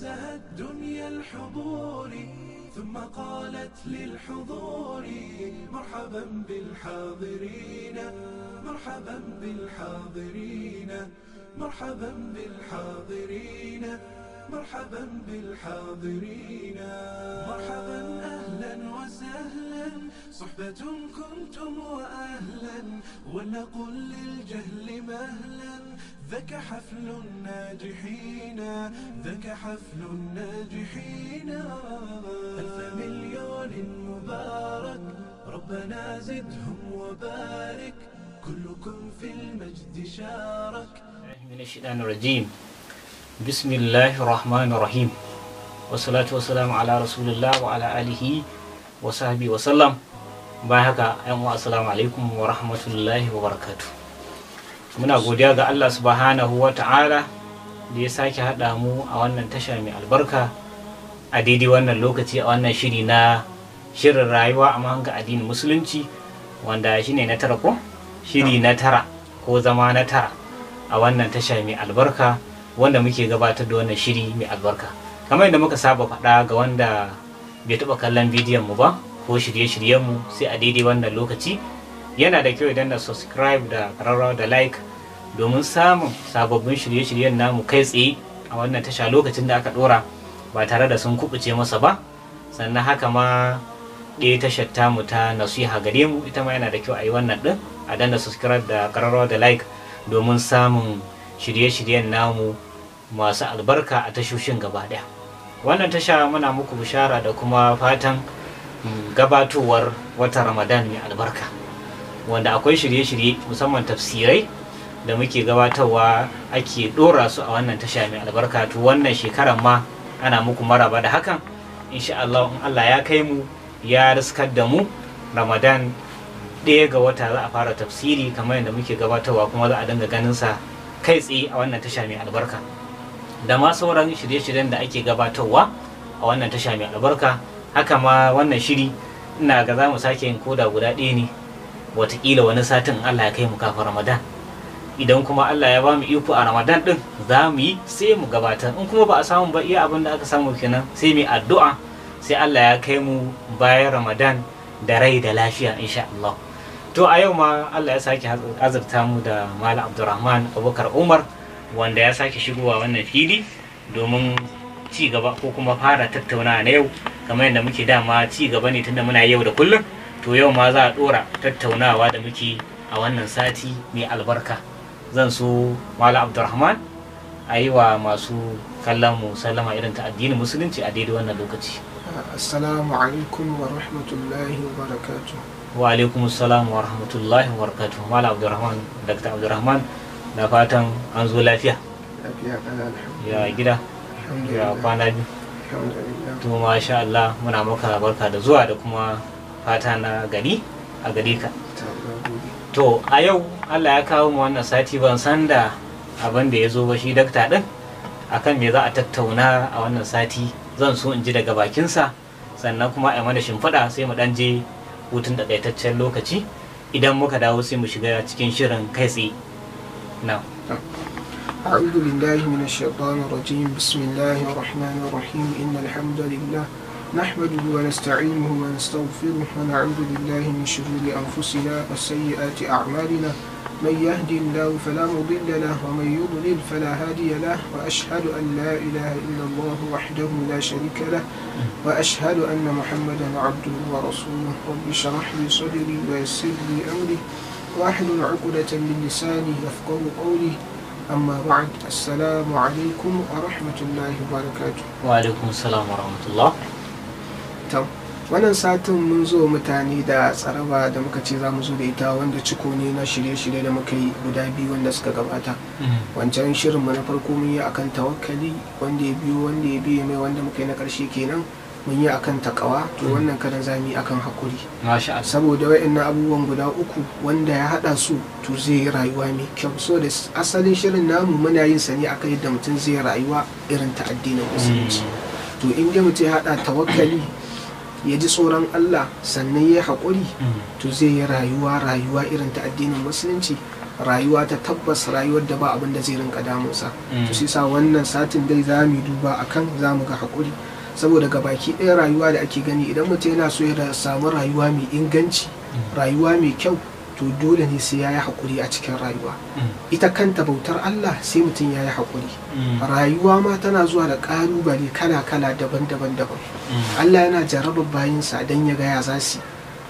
غزها دنيا الحضور ثم قالت للحضور مرحبا بالحاضرين مرحبا بالحاضرين مرحبا بالحاضرين مرحبا بالحاضرين مرحبا أهلا وسهلا صحبة كنتم وأهلا ولنقل للجهل مهلا ذاك حفل الناجحين ذاك حفل الناجحين ألف مليون مبارك ربنا زدهم وبارك كلكم في المجد شارك من الشيطان الرجيم Bismillahi rahmanir rahim wasalatu wasalamu ala rasulillah wa ala alihi wa sahbi wa sallam haka yan wa assalamu alaikum wa rahmatullahi wa barakatu muna godiya ga Allah subhanahu wa ta'ala da ya sake haɗa mu a wannan tasha mai albarka a daidai wannan lokaci a wannan shiri na shirin rayuwa a mahanga addinin musulunci wanda shine na tara ko shiri na tara ko zama na tara a wannan tasha mai albarka wanda muke gabatar da wannan shiri mai albarka kamar yadda muka saba faɗa ga wanda bai taɓa kallon bidiyon mu ba ko shirye-shiryen mu sai a daidai wannan lokaci yana da kyau idan na subscribe da ƙararrawa da like domin samun sababbin shirye-shiryen namu kai tsaye a wannan tasha lokacin da aka ɗora ba tare da sun kubuce masa ba sannan haka ma ɗaya tashar tamu ta nasiha gare mu ita ma yana da kyau a yi wannan ɗin a danna subscribe da ƙararrawa da like domin samun shirye-shiryen namu masu albarka a tashoshin gaba daya wannan tasha muna muku bishara da kuma fatan mm, gabatowar wata ramadan mai albarka wanda akwai shirye-shirye musamman tafsirai da muke gabatarwa ake dora su a wannan tasha mai albarka to wannan shekaran ma ana muku maraba da hakan insha Allah in Allah ya kai mu ya riskar da mu Ramadan ɗaya ga wata za a fara tafsiri kamar yadda muke gabatarwa kuma za a dinga ganin sa kai tsaye a wannan tasha mai albarka da ma sauran shirye-shiryen da ake gabatarwa a wannan tasha mai albarka haka ma wannan shiri ina ga za mu sake yin koda guda ɗaya ne watakila wani satin allah ya kai mu kafin ramadan idan kuma allah ya ba mu iko a ramadan din za mu yi sai mu gabata in kuma ba a samu ba iya abin da aka samu kenan sai mai addu'a sai allah ya kai mu bayan ramadan da rai da lafiya insha allah to a yau ma Allah ya sake azurta mu da Malam Abdulrahman Abubakar Umar wanda ya sake shigowa wannan fili domin ci gaba ko kuma fara tattaunawa na yau kamar yadda muke dama ci gaba ne tunda muna yau da kullum to yau ma za a dora tattaunawa da muke a wannan sati mai albarka zan so Malam Abdulrahman a yi wa masu kallon mu sallama irin ta addinin musulunci a daidai wannan lokaci assalamu alaikum wa rahmatullahi wa barakatuh wa alaikum salam wa rahmatullahi wa barakatuhu mala abdurrahman dr abdurrahman na fatan an zo lafiya ya gida ya kwana biyu to sha Allah muna maka barka da zuwa da kuma fata na gari a gare ka to a yau Allah ya kawo mu wannan sati ban san da abin da ya zo ba shi dakta din akan me za a tattauna a wannan sati zan so in ji daga bakinsa sannan kuma a mana shimfiɗa sai mu dan je hutun da ɗaitaccen lokaci idan muka dawo sai mu shiga cikin shirin kai tsaye na أعوذ بالله من الشيطان الرجيم بسم الله الرحمن الرحيم إن الحمد لله نحمده ونستعينه ونستغفره ونعوذ بالله من شرور أنفسنا وسيئات أعمالنا من يهدي الله فلا مضل له ومن يضلل فلا هادي له وأشهد أن لا إله إلا الله وحده لا شريك له وأشهد أن محمدا عبده ورسوله رب اشرح لي صدري ويسر لي أمري واحلل عقدة من لساني يفقه قولي أما بعد السلام عليكم ورحمة الله وبركاته وعليكم السلام ورحمة الله تمام wannan satin mun zo mutane da tsaraba da muka ce za mu zo da ita wanda ciko ne na shirye-shirye da muka yi guda biyu wanda suka gabata mm-hmm. wancan shirin mu na farko mun yi akan tawakkali wanda ya biyo wanda ya biyo mai wanda muka yi na karshe kenan mun yi akan takawa to mm-hmm. wannan karan za mu yi akan hakuri saboda waɗannan abubuwan guda uku wanda ya haɗa su to zai yi rayuwa mai kyau so da asalin shirin namu muna yin sa ne akan yadda mutum zai rayuwa irin ta addinin musulunci mm. to in dai mutum ya haɗa tawakkali ya ji tsoron Allah sannan ya haƙuri mm. to zai yi rayuwa rayuwa irin ta addinin musulunci rayuwa ta tabbas rayuwar da ba abin da zai rinka damunsa mm. to shi sa wannan satin dai za mu duba akan za mu ga haƙuri saboda ga baki ɗaya rayuwa da ake gani idan mutum yana so ya samu rayuwa mai inganci mm. rayuwa mai kyau to dole ne sai ya yi haƙuri a cikin rayuwa mm. ita kanta bautar Allah sai mutum ya yi haƙuri mm. rayuwa ma tana zuwa da ƙalubale kala-kala daban-daban daban mm. Allah yana jarabar bayinsa don ya gaya za su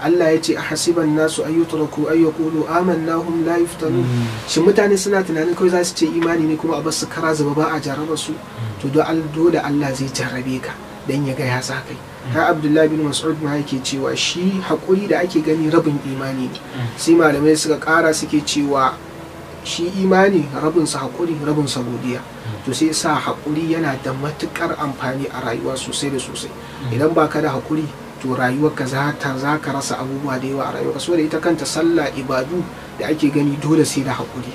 Allah ya ce a hasiban nasu ayyutraku ayyakulu amannahum la yuftanu shi mutane suna tunanin kawai za su ce imani ne kuma a bar kara zuba ba a jarabar su to dole Allah zai jarabe ka dan ya ga ya sa kai ka abdullahi bin mas'ud ma yake cewa shi haƙuri da ake gani rabin imani ne mm. sai malamai suka kara suke cewa shi imani rabin sa haƙuri rabin sa godiya mm. to sai sa haƙuri yana da matukar amfani a rayuwa sosai da sosai mm. idan baka da haƙuri to rayuwarka za ta za ka rasa abubuwa da yawa a so da ita kanta sallah ibadu da ake gani dole sai da hakuri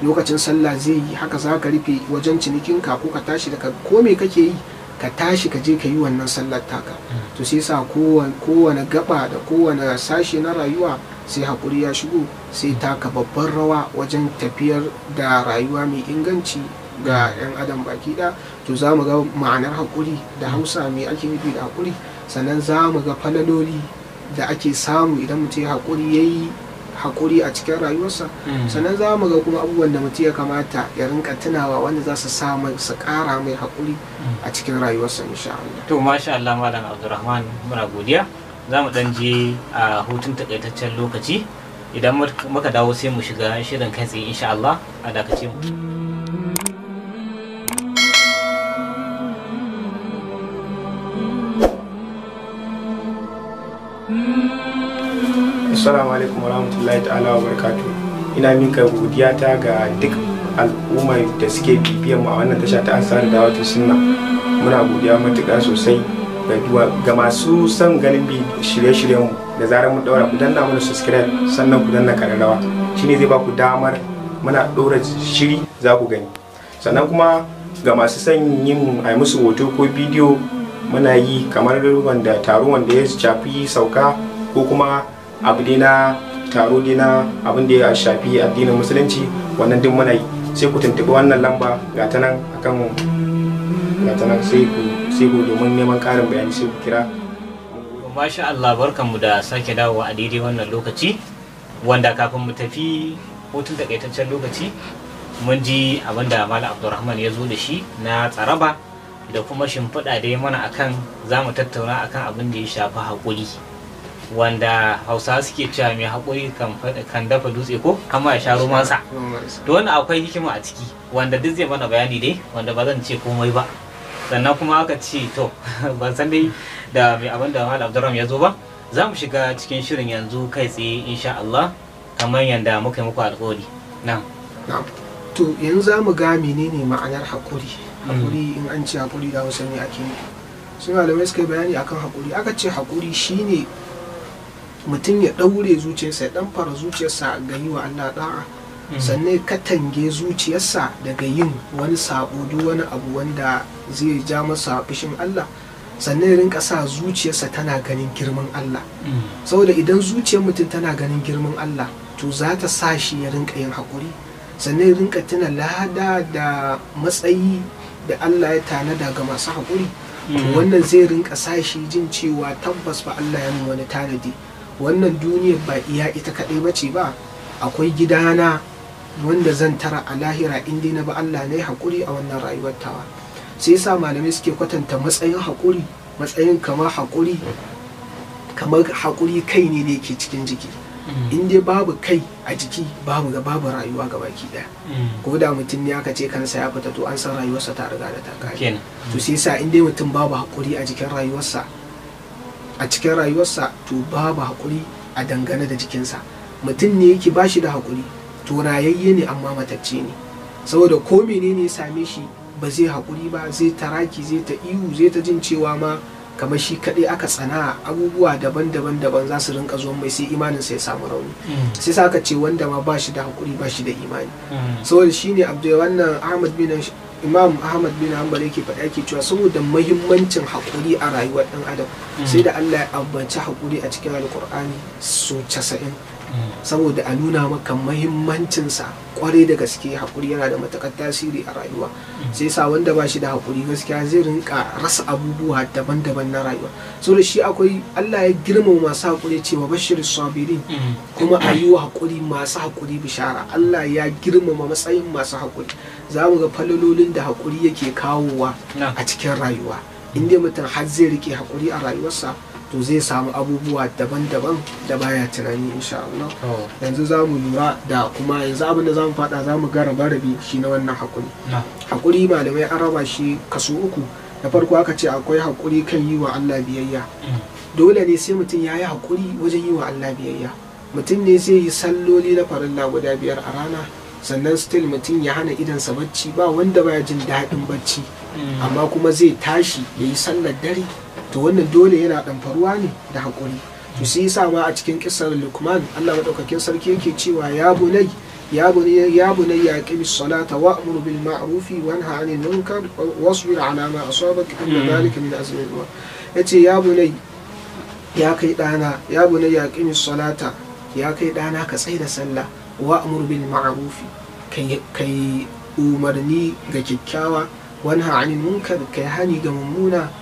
lokacin sallah zai yi haka za ka rufe wajen cinikinka ko ka tashi daga ko me kake yi ka tashi ka je ka yi wannan sallar taka to sai sa kowane gaba da kowane sashe na rayuwa sai haƙuri ya shigo sai taka babban rawa wajen tafiyar da rayuwa mai inganci ga 'yan adam baki da to za mu ga ma'anar hakuri da hausa mai ake nufi da hakuri sannan za mu ga falaloli da ake samu idan mutum ya haƙuri ya yi hakuri a cikin rayuwarsa hmm. sannan za mu ga kuma abubuwan da mutum ya kamata ya rinka tunawa wanda za su sa mai su kara mai hakuri hmm. a cikin rayuwarsa insha Allah to masha Allah malam Abdulrahman muna godiya za mu dan je a hutun takaitaccen lokaci idan muka dawo sai mu shiga shirin kai tsaye insha Allah a dakace mu assalamu alaikum warahmatullahi ta'ala wa barakatu ina minka godiya ta ga duk al'umma da suke bibiyar mu a wannan tasha ta ansar da wato sunna muna godiya matuƙa sosai ga masu son ganin shirye-shiryen mu da zarar mun daura ku danna mana subscribe sannan ku danna kararrawa shine zai ba ku damar muna ɗora shiri za ku gani sannan kuma ga masu son yin a musu hoto ko bidiyo muna yi kamar wanda taro wanda ya shafi sauka ko kuma abu dai na taro dai na abin da ya shafi addinin musulunci wannan duk muna yi sai ku tuntuɓi wannan lamba ga ta nan akan ga ta nan sai ku sai ku domin neman ƙarin bayani sai ku kira masha Allah mu da sake dawowa a daidai wannan lokaci wanda kafin mu tafi hutun takaitaccen lokaci mun ji abin da Malam Abdulrahman ya zo da shi na tsaraba da kuma shimfiɗa da ya mana akan za mu tattauna akan abin da ya shafi haƙuri wanda hausa suke cewa mai haƙuri kan dafa dutse ko kama ya sha romansa to wannan akwai hikima a ciki wanda duk zai mana bayani dai wanda ba zan ce komai ba sannan kuma aka ce to ban san dai da mai abin da mal abdurrahman ya zo ba za mu shiga cikin shirin yanzu kai tsaye insha Allah kamar yadda muka yi muku alƙawari na to yanzu za mu ga menene ma'anar haƙuri mm. haƙuri in an ce haƙuri da ne ake sun da suka bayani akan haƙuri aka ce haƙuri shine mutum ya ɗaure zuciyarsa ya ɗan fara zuciyarsa ga yi wa Allah da'a mm-hmm. sannan ka tange zuciyarsa daga yin wani sabo duk wani abu wanda zai ja masa fushin Allah sannan ya rinka sa zuciyarsa tana ganin girman Allah mm-hmm. saboda idan zuciyar mutum tana ganin girman Allah to za ta sa shi ya rinka yin haƙuri sannan ya rinka tuna lada da matsayi da Allah ya tanada ga masu haƙuri mm-hmm. wannan zai rinka sa shi jin cewa tabbas ba Allah ya wani tanadi wannan duniyar ba iya ita kaɗai ba ce ba akwai gidana wanda zan tara a lahira inda na ba Allah na yi haƙuri a wannan rayuwar tawa sai yasa malamai suke kwatanta matsayin haƙuri matsayin kamar hakuri kamar haƙuri kai ne da yake cikin jiki mm. in babu kai a jiki babu ga babu rayuwa ga baki daya mm. ko da mutum ne aka ce kansa ya fita to an san rayuwarsa ta riga da ta kare to sai yasa in dai mutum babu hakuri a jikin rayuwarsa a cikin rayuwarsa to babu hakuri a dangane da jikinsa mutum ne yake bashi da hakuri. to rayayye ne amma matacce ne saboda ko menene ya same shi ba zai hakuri ba zai taraki zai ta ihu zai ta jin cewa ma kamar shi kaɗai aka tsana abubuwa daban-daban daban za su rinka zuwa mai sai imanin sai samu rauni mm. sai sa ce wanda ma ba shi da hakuri ba shi da imani mm. saboda shi ne abdul wannan ahmad bin imam ahmad bin hanbal yake faɗa yake cewa saboda mahimmancin haƙuri a rayuwar ɗan adam sai da allah ya ambaci haƙuri a cikin alƙur'ani su casa'in saboda a nuna maka mahimmancinsa kwarai da gaske haƙuri yana da matakar tasiri a rayuwa sai sa wanda ba shi da haƙuri gaskiya zai rinka rasa abubuwa daban-daban na rayuwa so da shi akwai Allah ya girmama masu haƙuri cewa bashir sabirin kuma a yi wa haƙuri masu haƙuri bishara Allah ya girmama matsayin masu haƙuri za mu ga falalolin da haƙuri yake kawowa a cikin rayuwa inda mutum har zai rike haƙuri a rayuwarsa to zai samu abubuwa daban-daban da baya tunani insha Allah oh. yanzu za mu lura da kuma yanzu abin da za mu faɗa za mu ga rabe shi na wannan hakuri hakuri malamai an raba shi kaso uku da farko aka ce akwai hakuri kan yi wa Allah biyayya mm. dole ne sai mutum ya yi hakuri wajen yi wa Allah biyayya mutum ne zai yi salloli na farilla guda biyar a rana sannan still mutum ya hana sa bacci ba wanda baya jin daɗin bacci mm. amma kuma zai tashi ya yi sallar dare to wannan dole yana ɗamfaruwa ne da haƙuri to sai yasa ma a cikin kissar lukman Allah madaukakin sarki yake cewa ya bunai ya bunai ya bunai ya aqimi salata wa amru bil ma'rufi wa nha 'anil munkar wasbir 'ala ma asabak inna hmm. dhalika min azmi al-umur yace ya bunai ya kai dana ya bunai ya aqimi salata ya kai dana ka tsaya da sallah wa amru bil ma'rufi kai umarni ga kyakkyawa wa nha 'anil munkar kai hani ga mummuna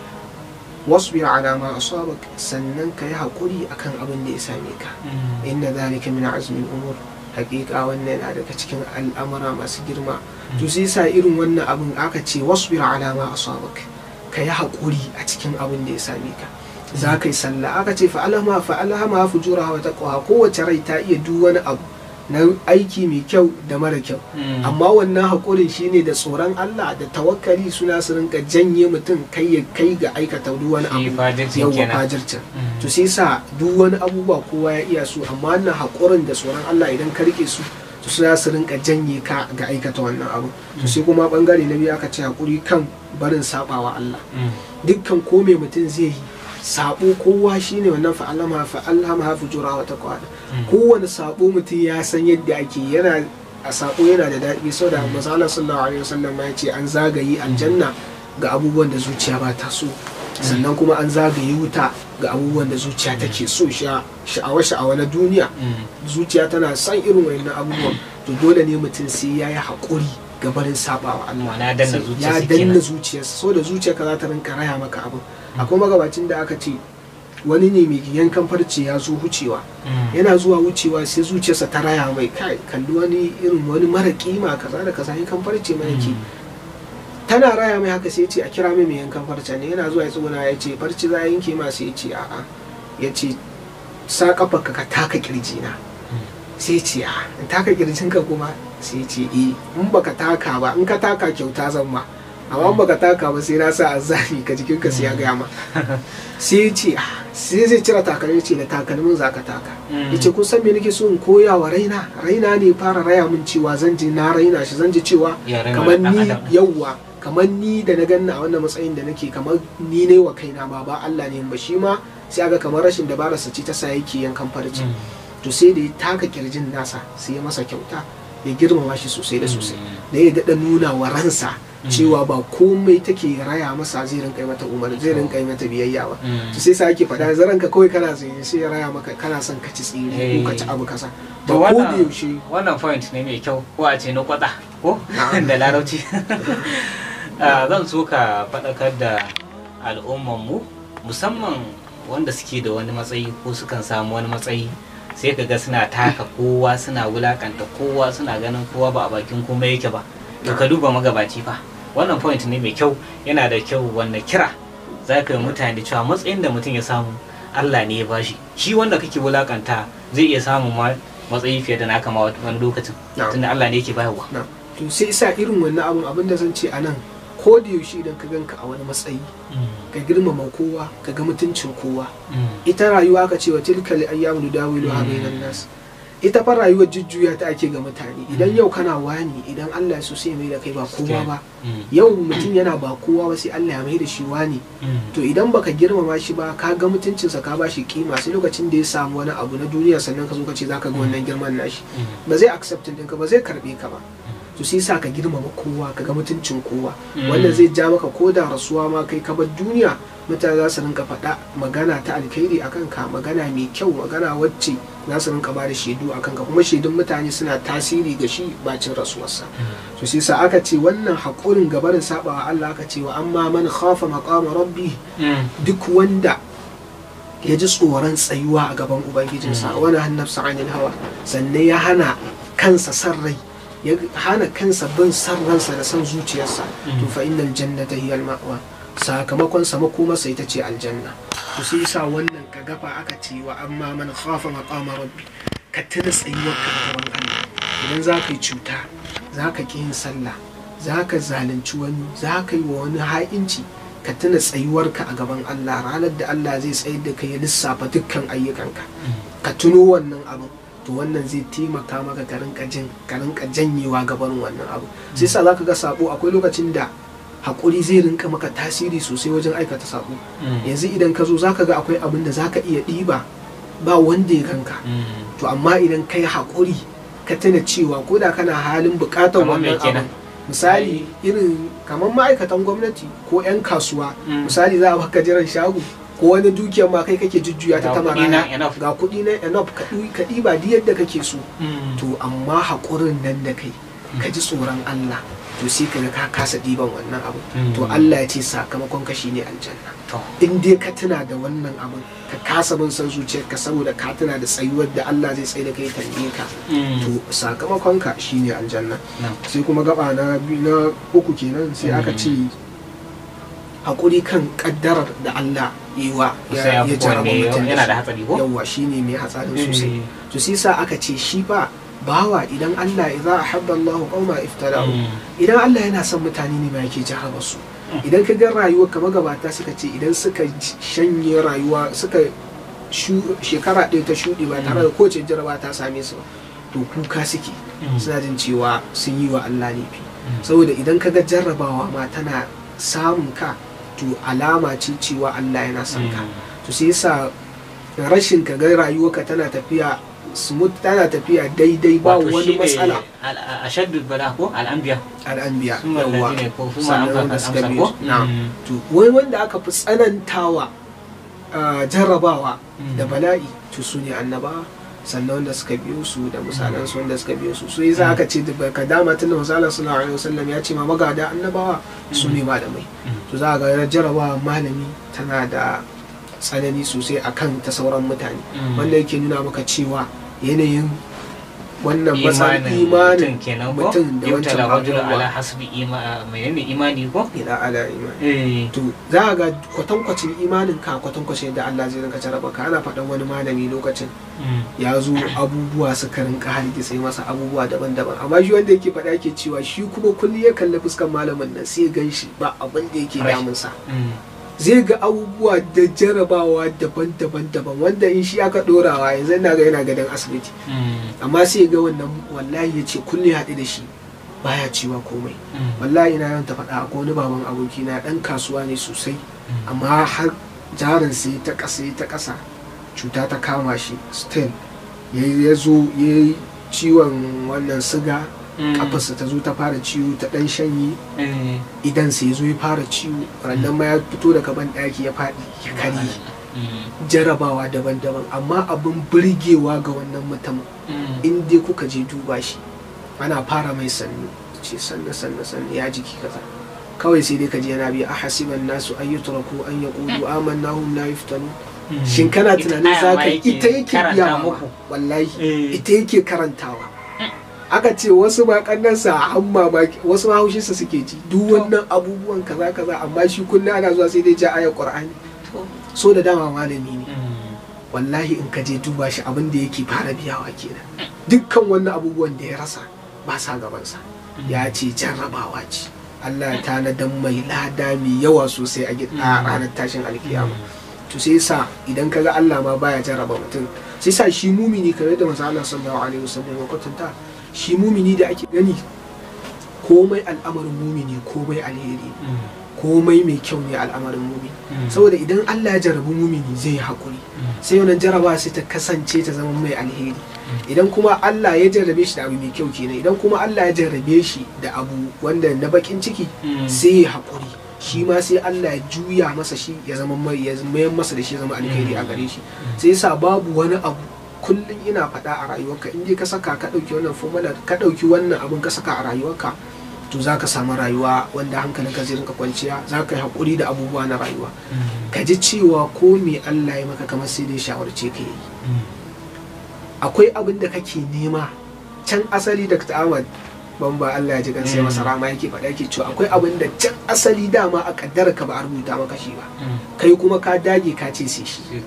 wasbir ala ma asabak sannan ka yi hakuri akan abin da ya same ka mm. inna zalika min azmin umur hakika wannan yana daga cikin al'amura masu girma mm. to sai sa irin wannan abin aka ce wasbir ala ma asabak ka yi hakuri a cikin abin da ya same ka za ka yi sallah aka ce fa'alama fa'alama fujura wa taqwa kowace rai ta iya duk wani abu na aiki mai kyau da mara kyau mm. amma wannan haƙurin shine da tsoron Allah da tawakkali suna su rinka janye mutum kai ya kai ga aikata duk wani abu wa fajircin mm. to sai sa duk wani abubuwa kowa ya iya su amma wannan haƙurin da tsoron Allah idan ka rike su to suna su rinka janye ka ga aikata wannan abu to sai kuma bangare na biyu aka ce haƙuri kan barin sabawa Allah mm. dukkan ko mutum zai yi sabo kowa shine wannan fa'alama fa'alama jura wa taqwa kowanne sabo mutum ya san yadda ake yana a sabo yana da daɗi saboda misali sallallahu alaihi wasallam ya ce an zagaye aljanna ga abubuwan da zuciya ba ta so sannan kuma an zagaye wuta ga abubuwan da zuciya take so sha'awa sha'awa na duniya zuciya tana son irin wayannan abubuwan to dole ne mutum sai yayi yi haƙuri gabarin sabawa Allah na danna zuciya ya danna zuciya so da ka za ta rinka raya maka abin akwai magabacin da aka ce wani ne mai yankan farce ya zo wucewa mm. yana zuwa wucewa sai zuciyarsa ta raya mai kai kalli wani irin wani mara kima kaza da kaza yankan farce mai yake mm. tana raya mai haka sai ce a kira mai mai yankan farce ne yana zuwa ya tsuguna ya ce farce za yanke ma sai ya ce a'a ya ce sa kafarka ka taka kirji na mm. sai ce a taka kirjin ka kuma sai ce eh, in baka taka ba in ka taka kyauta zan ma amma in baka taka ba sai na sa azari ka jikin ka sai ya ga ma sai ce ah, sai zai cira takalmi ce da takalmin za ka taka mm. yace kun san me nake so in koya wa raina raina ne fara raya min cewa zan ji na raina shi zan ji cewa kamar ni yawwa kamar ni da na ganna a wannan matsayin da nake kamar ni ne wa kaina ba ba Allah ne ba shi ma sai ga kamar rashin dabararsa ce ta sa yake yankan farci mm. to sai da ya taka kirjin nasa sai ya masa kyauta ya girmama shi sosai da sosai mm. da ya daɗa nuna wa ransa mm. cewa ba komai take raya masa zai rinka mata umar zai rinka mata biyayya ba mm. to sai sa ake faɗa zaran ka kawai kana zai sai raya maka kana son ka ci tsire ko ka ci abu kasa ba ko da yaushe wannan point ne mai kyau ko a ce na kwada ko da larauci ah, zan so ka faɗakar da al'ummar mu musamman wanda suke da wani matsayi ko sukan samu wani matsayi sai ka ga suna taka kowa suna wulakanta kowa suna ganin kowa ba a bakin kuma yake ba to ka duba magabaci fa wannan point ne mai kyau yana da kyau wanda kira za ka yi mutane cewa matsayin da mutum ya samu Allah ne ya bashi shi wanda kake wulakanta zai iya samun matsayi fiye da naka ma wani lokacin tunda Allah ne yake bayarwa to sai isa irin wannan abun abin da zan ce anan ko da yaushe idan ka ganka a wani matsayi mm. ka girmama kowa ka ga mutuncin kowa mm. ita rayuwa ka cewa, tilkal ayyamu dawilu ha mm. bainan nas ita fa rayuwar jujjuya ta ake ga mutane idan yau kana wani idan Allah ya so sai mai da kai ba kowa ba yau mutum yana ba kowa ba sai Allah ya mai da shi wani to idan baka girmama shi ba ka ga mutuncinsa ka ba shi kima sai lokacin da ya samu wani abu na duniya sannan ka zo ka ce zaka ga wannan girman nashi ba zai accept ɗinka ba zai karbe ka ba to sai sa ka girmama kowa ka ga mutuncin kowa mm. wanda zai ja maka ko da rasuwa ma kai ka bar duniya mutane za su rinka faɗa magana ta alkhairi a ka magana mai kyau magana wacce za su rinka ba da shaidu a ka kuma shaidun mutane suna tasiri ga shi bacin rasuwarsa mm. to sai sa aka ce wannan haƙurin gabarin wa Allah aka cewa wa amma man khafa maqama rabbi mm. duk wanda ya ji tsoron tsayuwa a gaban ubangijinsa wani hannafsa anil hawa sannan ya hana kansa san rai ya hana kansa bin san ransa da san zuciyarsa to fa ta jannata hiya al sakamakon sa makomarsa ita ce aljanna to sai sa wannan ka gafa aka ce wa amma man khafa maqama rabbi ka tuna tsayuwar ka gaban Allah idan za ka yi cuta za ka ƙi yin sallah za ka zalunci wani za ka yi wa wani ha'inci ka tuna tsayuwarka a gaban Allah ranar da Allah zai tsayar da ka ya lissafa dukkan ayyukanka ka tuno wannan abin to wannan zai taimaka maka ka rinka janyewa gabanin wannan abu sai sa za ka ga sabo akwai lokacin da haƙuri zai rinka maka tasiri sosai wajen aikata sabo mm. yanzu idan ka zo za ka ga akwai abin da za ka iya ɗiba ba wanda ya ganka. Mm. to amma idan kai haƙuri, ka tana cewa ko da kana halin buƙatar wannan abu misali irin kamar ma'aikatan gwamnati ko 'yan kasuwa mm. misali za a baka jiran shago ko wani dukiyar ma kai kake jujjuya ta ta ga kuɗi na enough ka ɗiba di yadda kake so hmm. to amma haƙurin nan da kai ka hmm. ji tsoron Allah to sai ka ka kasa ɗiban wannan abu hmm. to Allah ya ce sakamakon ka shine aljanna in dai ka tuna da wannan abun ka kasa bin san zuciyarka saboda ka tuna da tsayuwar da Allah zai tsaye da kai tambaye ka to sakamakon ka shine aljanna sai kuma gaba na uku kenan sai aka ce hakuri kan kaddarar da Allah yiwa ya jaraba mutum yana da hatsari ko yawa shine mai hatsari eh. sosai to sai sa aka ce shi ba bawa idan Allah idza ahabba Allahu qauma iftara'u hmm. idan Allah yana son mutane ne ba yake jarabar su hmm. idan ka ga rayuwa ka magabata suka ce idan suka shanye rayuwa suka shekara ɗaya ta shuɗe ba tare da hmm. kowace jaraba ta same su to kuka suke suna jin cewa sun yi wa Allah laifi saboda idan ka ga jarrabawa ma tana samun ka to alama ce cewa Allah yana son ka mm. to sai yasa rashin ka ga rayuwarka tana tafiya smooth tana tafiya daidai ba wani matsala a shaddud bala ko al'anbiya al'anbiya yawa sannan wanda suka biyo mm. to wai wanda aka fi tsanantawa ah, jarrabawa da mm. bala'i to su ne annabawa sannan wanda suka biyo su da misalan su wanda suka biyo su su yi za ka ce da ka dama tunda misalan sallallahu alaihi wasallam ya ce ma magada annabawa su ne malamai to za ga jarabawa malami tana da tsanani sosai akan ta sauran mutane mm. wanda yake nuna maka cewa yanayin wannan matsayin imanin mutum da wancan da ala hasbi menene imani ko ila ala imani eh. to za ga kwatankwacin imanin ka kwatankwacin da Allah zai rinka jaraba ka ana faɗan wani malami lokacin mm. ya zo abubuwa su ka rinka sai masa abubuwa daban-daban amma shi wanda yake faɗa yake cewa shi kuma kulli ya kalli fuskan malamin nan sai gan shi ba abin da yake damunsa mm. zai ga abubuwa da jarabawa daban-daban daban wanda in shi aka dorawa yanzu na ga yana gadon asibiti mm. amma sai ga wannan wallahi ya ce kullum haɗe da shi baya cewa komai mm. wallahi ina yawan ta faɗa ko wani baban aboki na ɗan kasuwa ne sosai mm. amma har jarin sai ta ƙasa ta ƙasa cuta ta kama shi still ya zo ya yi ciwon wannan siga Mm. kafarsa ta zo ta fara ciwo ta dan shanye eh. idan sai zo ya fara ciwo rannan ma ya fito daga ban daki ya fadi ya kare mm. jarabawa daban-daban amma abin birgewa ga wannan mutumin mm. in dai kuka je duba shi ana fara mai sannu ce sannu sannu sannu ya jiki kaza kawai sai dai ka je yana biya a hasiban nasu an turaku, an yaqulu amanna hum la yuftanu shin kana tunanin zaka ita yake biya wallahi eh. ita yake karantawa aka ce wasu ma kannansa an mamaki wasu ma haushinsa suke ji duk wannan abubuwan kaza kaza amma shi kullum ana zuwa sai dai ja ayar qur'ani so da dama malami ne mm. wallahi in ka je duba shi abin da yake fara biyawa kenan dukkan wannan abubuwan da ya rasa ba sa gabansa mm. ya ce jarrabawa ce Allah ta na dan mai lada mai yawa sosai a mm. ranar tashin alkiyama to sai sa idan kaga Allah ma baya jarraba mutum sai sa shi mumini kamar da manzo Allah sallallahu alaihi wasallam ya kwatanta shi mumini da ake gani komai al'amarin mumini komai alheri komai mai kyau ne al'amarin mumini mm. saboda idan Allah ya jarabi mumini zai yi hakuri mm. sai wannan jaraba sai ta kasance ta zama mai alheri mm. idan kuma Allah ya jarrabe shi da abu mai kyau kenan idan kuma Allah ya jarrabe shi da abu wanda na bakin ciki sai ya hakuri shi ma sai Allah ya juya masa shi ya zama mai ya masa da shi zama alheri a gare shi sai yasa babu wani abu kullum ina faɗa a rayuwarka in dai ka saka ka ɗauki wannan formula ka ɗauki wannan abin ka saka a rayuwarka to za ka samu rayuwa wanda ka zai rinka kwanciya za ka yi haƙuri da abubuwa na rayuwa mm. ka ji cewa ko me Allah ya maka kamar sai dai shawarce ka yi mm. akwai abin da kake nema can asali Dr. Ahmad ban ba Allah ya ji kan sai masa mm. rama yake faɗa yake cewa akwai abin da can asali dama a kaddara ka ba a rubuta maka shi ba mm. kai kuma ka dage ka ce sai shi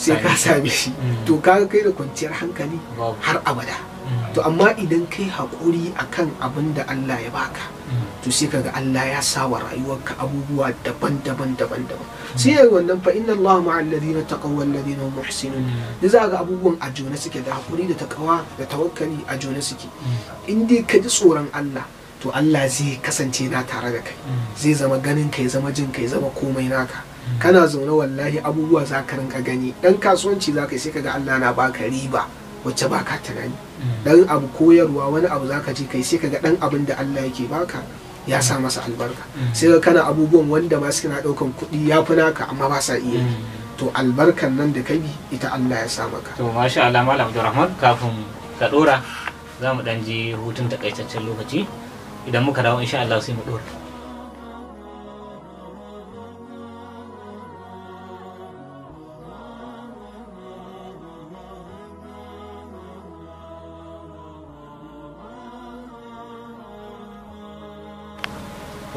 sai ka same shi mm. to kaka kai da kwanciyar hankali har abada to amma idan kai haƙuri akan abin da Allah ya baka to sai kaga Allah ya sa wa rayuwarka abubuwa daban-daban daban-daban hmm. sai yayi wannan fa inna Allah ma'a alladhina taqaw wal ladina muhsinun hmm. da za ga abubuwan a jona suke da hakuri da takawa da tawakkali a jona suke hmm. in dai ka ji tsoron Allah to Allah zai kasance na tare da kai zai zama ganin kai zama jin kai zama komai naka kana zaune wallahi abubuwa za ka rinka gani dan kasuwanci za ka sai kaga Allah na baka riba wacce baka tunani dan abu koyarwa wani abu zaka ji kai sai kaga dan abin da Allah yake baka ya sa masa albarka sai ga kana abubuwan wanda su suna daukan kuɗi ya fi naka amma ba sa iya to albarkan nan da kai ita Allah ya sa maka to masha Allah malam kafin ka dora za mu dan je hutun takaitaccen lokaci idan muka dawo insha Allah sai mu dora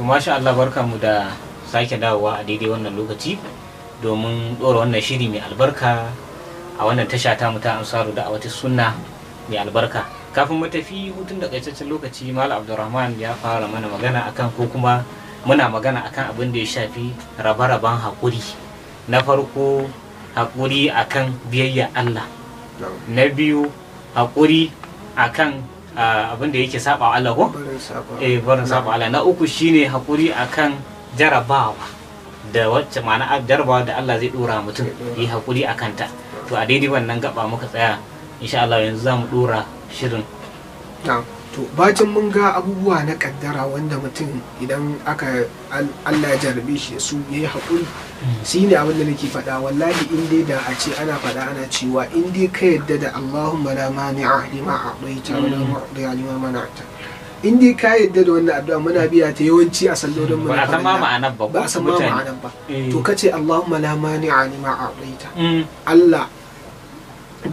masha Allah barka mu da sake dawowa a daidai wannan lokaci domin ɗora wannan shiri mai albarka a wannan tasha ta mu ta amsaru da a wata sunna mai albarka kafin mu tafi hutun da kaitaccen lokaci malam abdurrahman ya fara mana magana akan ko kuma muna magana akan abin da ya shafi raba-raban haƙuri na farko haƙuri akan biyayya Allah na biyu haƙuri akan abin da yake saba Allah ko eh barin saba Allah na uku shine hakuri akan jarabawa da wacce ma'ana jarabawa da Allah zai dora mutum yi hakuri akan ta to a daidai wannan gaba muka tsaya insha Allah yanzu za mu dora shirin to bacin mun ga abubuwa na kaddara wanda mutum idan aka allah ya jarabe shi su ya yi haƙuri mm. shi ne abin da nake faɗa wallahi in dai da a ce ana faɗa ana cewa in dai ka yadda da allahumma la mani'a lima a'taita wa la mm. mu'tiya lima mana'ta in dai ka yadda da wannan addu'a muna mm. biya ta yawanci a sallolin mu ba san ma ma'anar ba ba san ma ma'anar ba eh. to kace Allahumma la mani'a lima a'taita Allah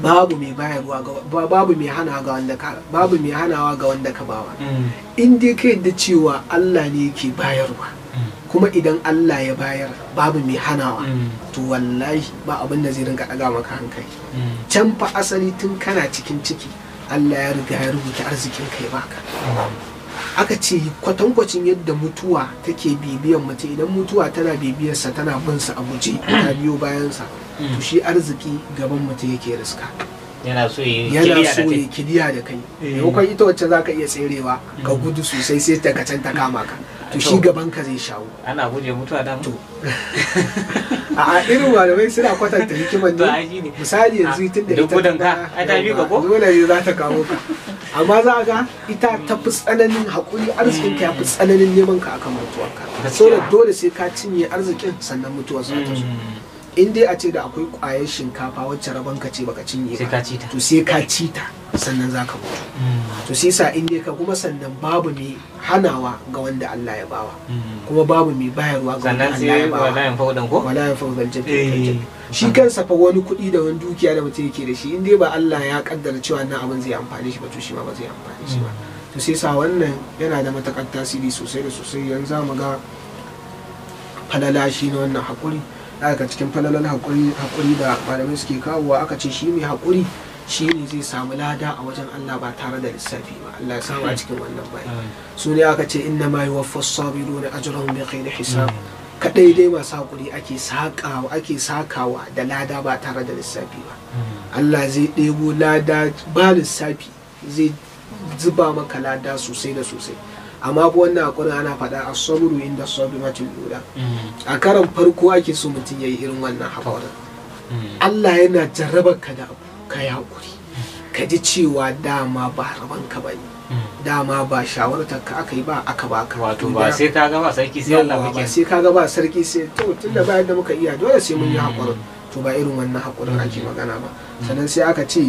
babu mai bayarwa ga babu mai hana ga wanda ka babu mai hanawa ga wanda ka bawa mm. in dai ka yadda cewa Allah ne yake bayarwa mm. kuma idan Allah ya bayar babu mai hanawa mm. to wallahi ba abin da zai rinka daga maka hankali can fa asali tun kana cikin ciki Allah ya riga ya rubuta arzikin kai baka aka ce kwatankwacin yadda mutuwa take bibiyan mace idan mutuwa tana bibiyarsa tana sa a guje ta biyo bayansa to shi arziki gaban mace yake riska yana so ya kidiya da kai maimakon ita wacce za ka iya tserewa ka mm. gudu sosai sai ta kacan ta kama ka to shi gaban ka zai shawo ana guje mutuwa da to a irin malamai suna kwatanta hikimar ne misali yanzu ah, tun da ita ah, ta a ta bi ka dole ne za ta kawo ka amma za ga ita mm. ta fi tsananin haƙuri arzikin ka ya fi tsananin neman ka akan mutuwar ka dole sai ka cinye arzikin sannan mutuwar za ta zo mm. in dai a ce da akwai ƙwayar shinkafa wacce rabon ka ce baka cinye ba to sai ka ci ta sannan za ka mutu mm. to sai sa in dai ka kuma sannan babu mai hanawa ga wanda Allah ya bawa mm. kuma babu mai bayarwa ga wanda Allah ya bawa walayan faudan ko fa faudan jabbi shi kansa fa wani kuɗi da wani dukiya da mutum yake da shi in dai ba Allah ya kaddara cewa nan abin zai amfane shi ba to shi ma ba zai amfane shi ba mm. to sai sa wannan yana da matakar tasiri sosai da sosai yanzu za mu ga falala shi na wannan haƙuri daga cikin falalan haƙuri da malamai suke kawowa aka ce shi mai haƙuri shi ne zai samu lada a wajen Allah ba tare da lissafi ba Allah ya samu a cikin wannan baya su ne aka ce inna ma yuwaffas sabiruna ajrahum bighairi hisab kadai dai masu hakuri ake sakawa ake sakawa da lada ba tare da lissafi ba Allah zai ɗebo lada ba lissafi zai zuba maka lada sosai da sosai amma ko wannan akwai ana faɗa a saburu inda sabrimatul ula mm. a karan farko ake so mutum yayi irin wannan haƙuri. Mm. Allah yana jarrabar ka da abu ka yi haƙuri ka ji cewa dama ba rabon ka ba ne mm. dama ba shawartar ka aka yi ba aka ba ka. wato ba sai ka ga ba sarki sai Allah ba sai ka ga ba sarki sai to da bayan da muka iya dole sai mun yi haƙurin to ba irin wannan haƙurin ake magana ba sannan sai aka ce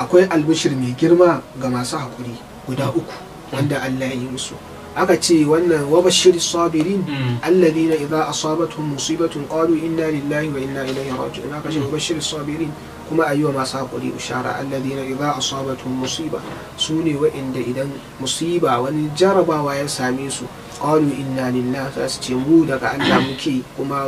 akwai albishir mai girma ga masu haƙuri guda uku wanda Allah ya yi musu aka ce wannan wa bashir sabirin mm. alladhina idza asabatuhum musibatun qalu inna lillahi wa inna ilaihi raji'un aka ce mm. wa bashir sabirin kuma ayyuwa masu hakuri ushara alladhina idza asabatuhum musiba sune wa'inda idan musiba wani jarabawa ya same su qalu inna lillahi sai su ce mu daga Allah muke kuma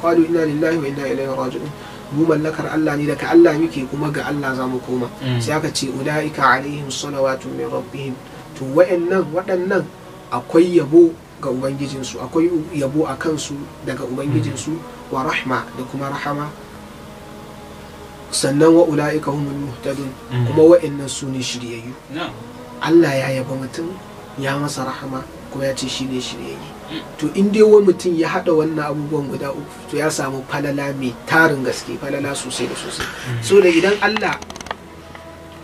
qalu inna lillahi wa inna ilaihi raji'un mu mallakar Allah ne daga Allah muke kuma ga Allah za mu koma mm. sai aka ce ulaika alaihim salawatu min rabbihim to wa'annan waɗannan akwai yabo ga ubangijinsu akwai yabo a kansu daga ubangijinsu mm. wa rahma da kuma rahama sannan wa ula'ika humul muhtadun mm. kuma wa'annan su ne shiryayyu Allah ya yaba mutum ya masa rahama kuma ya ce shi ne shiryayyu to in dai wani mutum ya haɗa wannan abubuwan guda uku to ya samu falala mai tarin gaske falala sosai da sosai so da idan Allah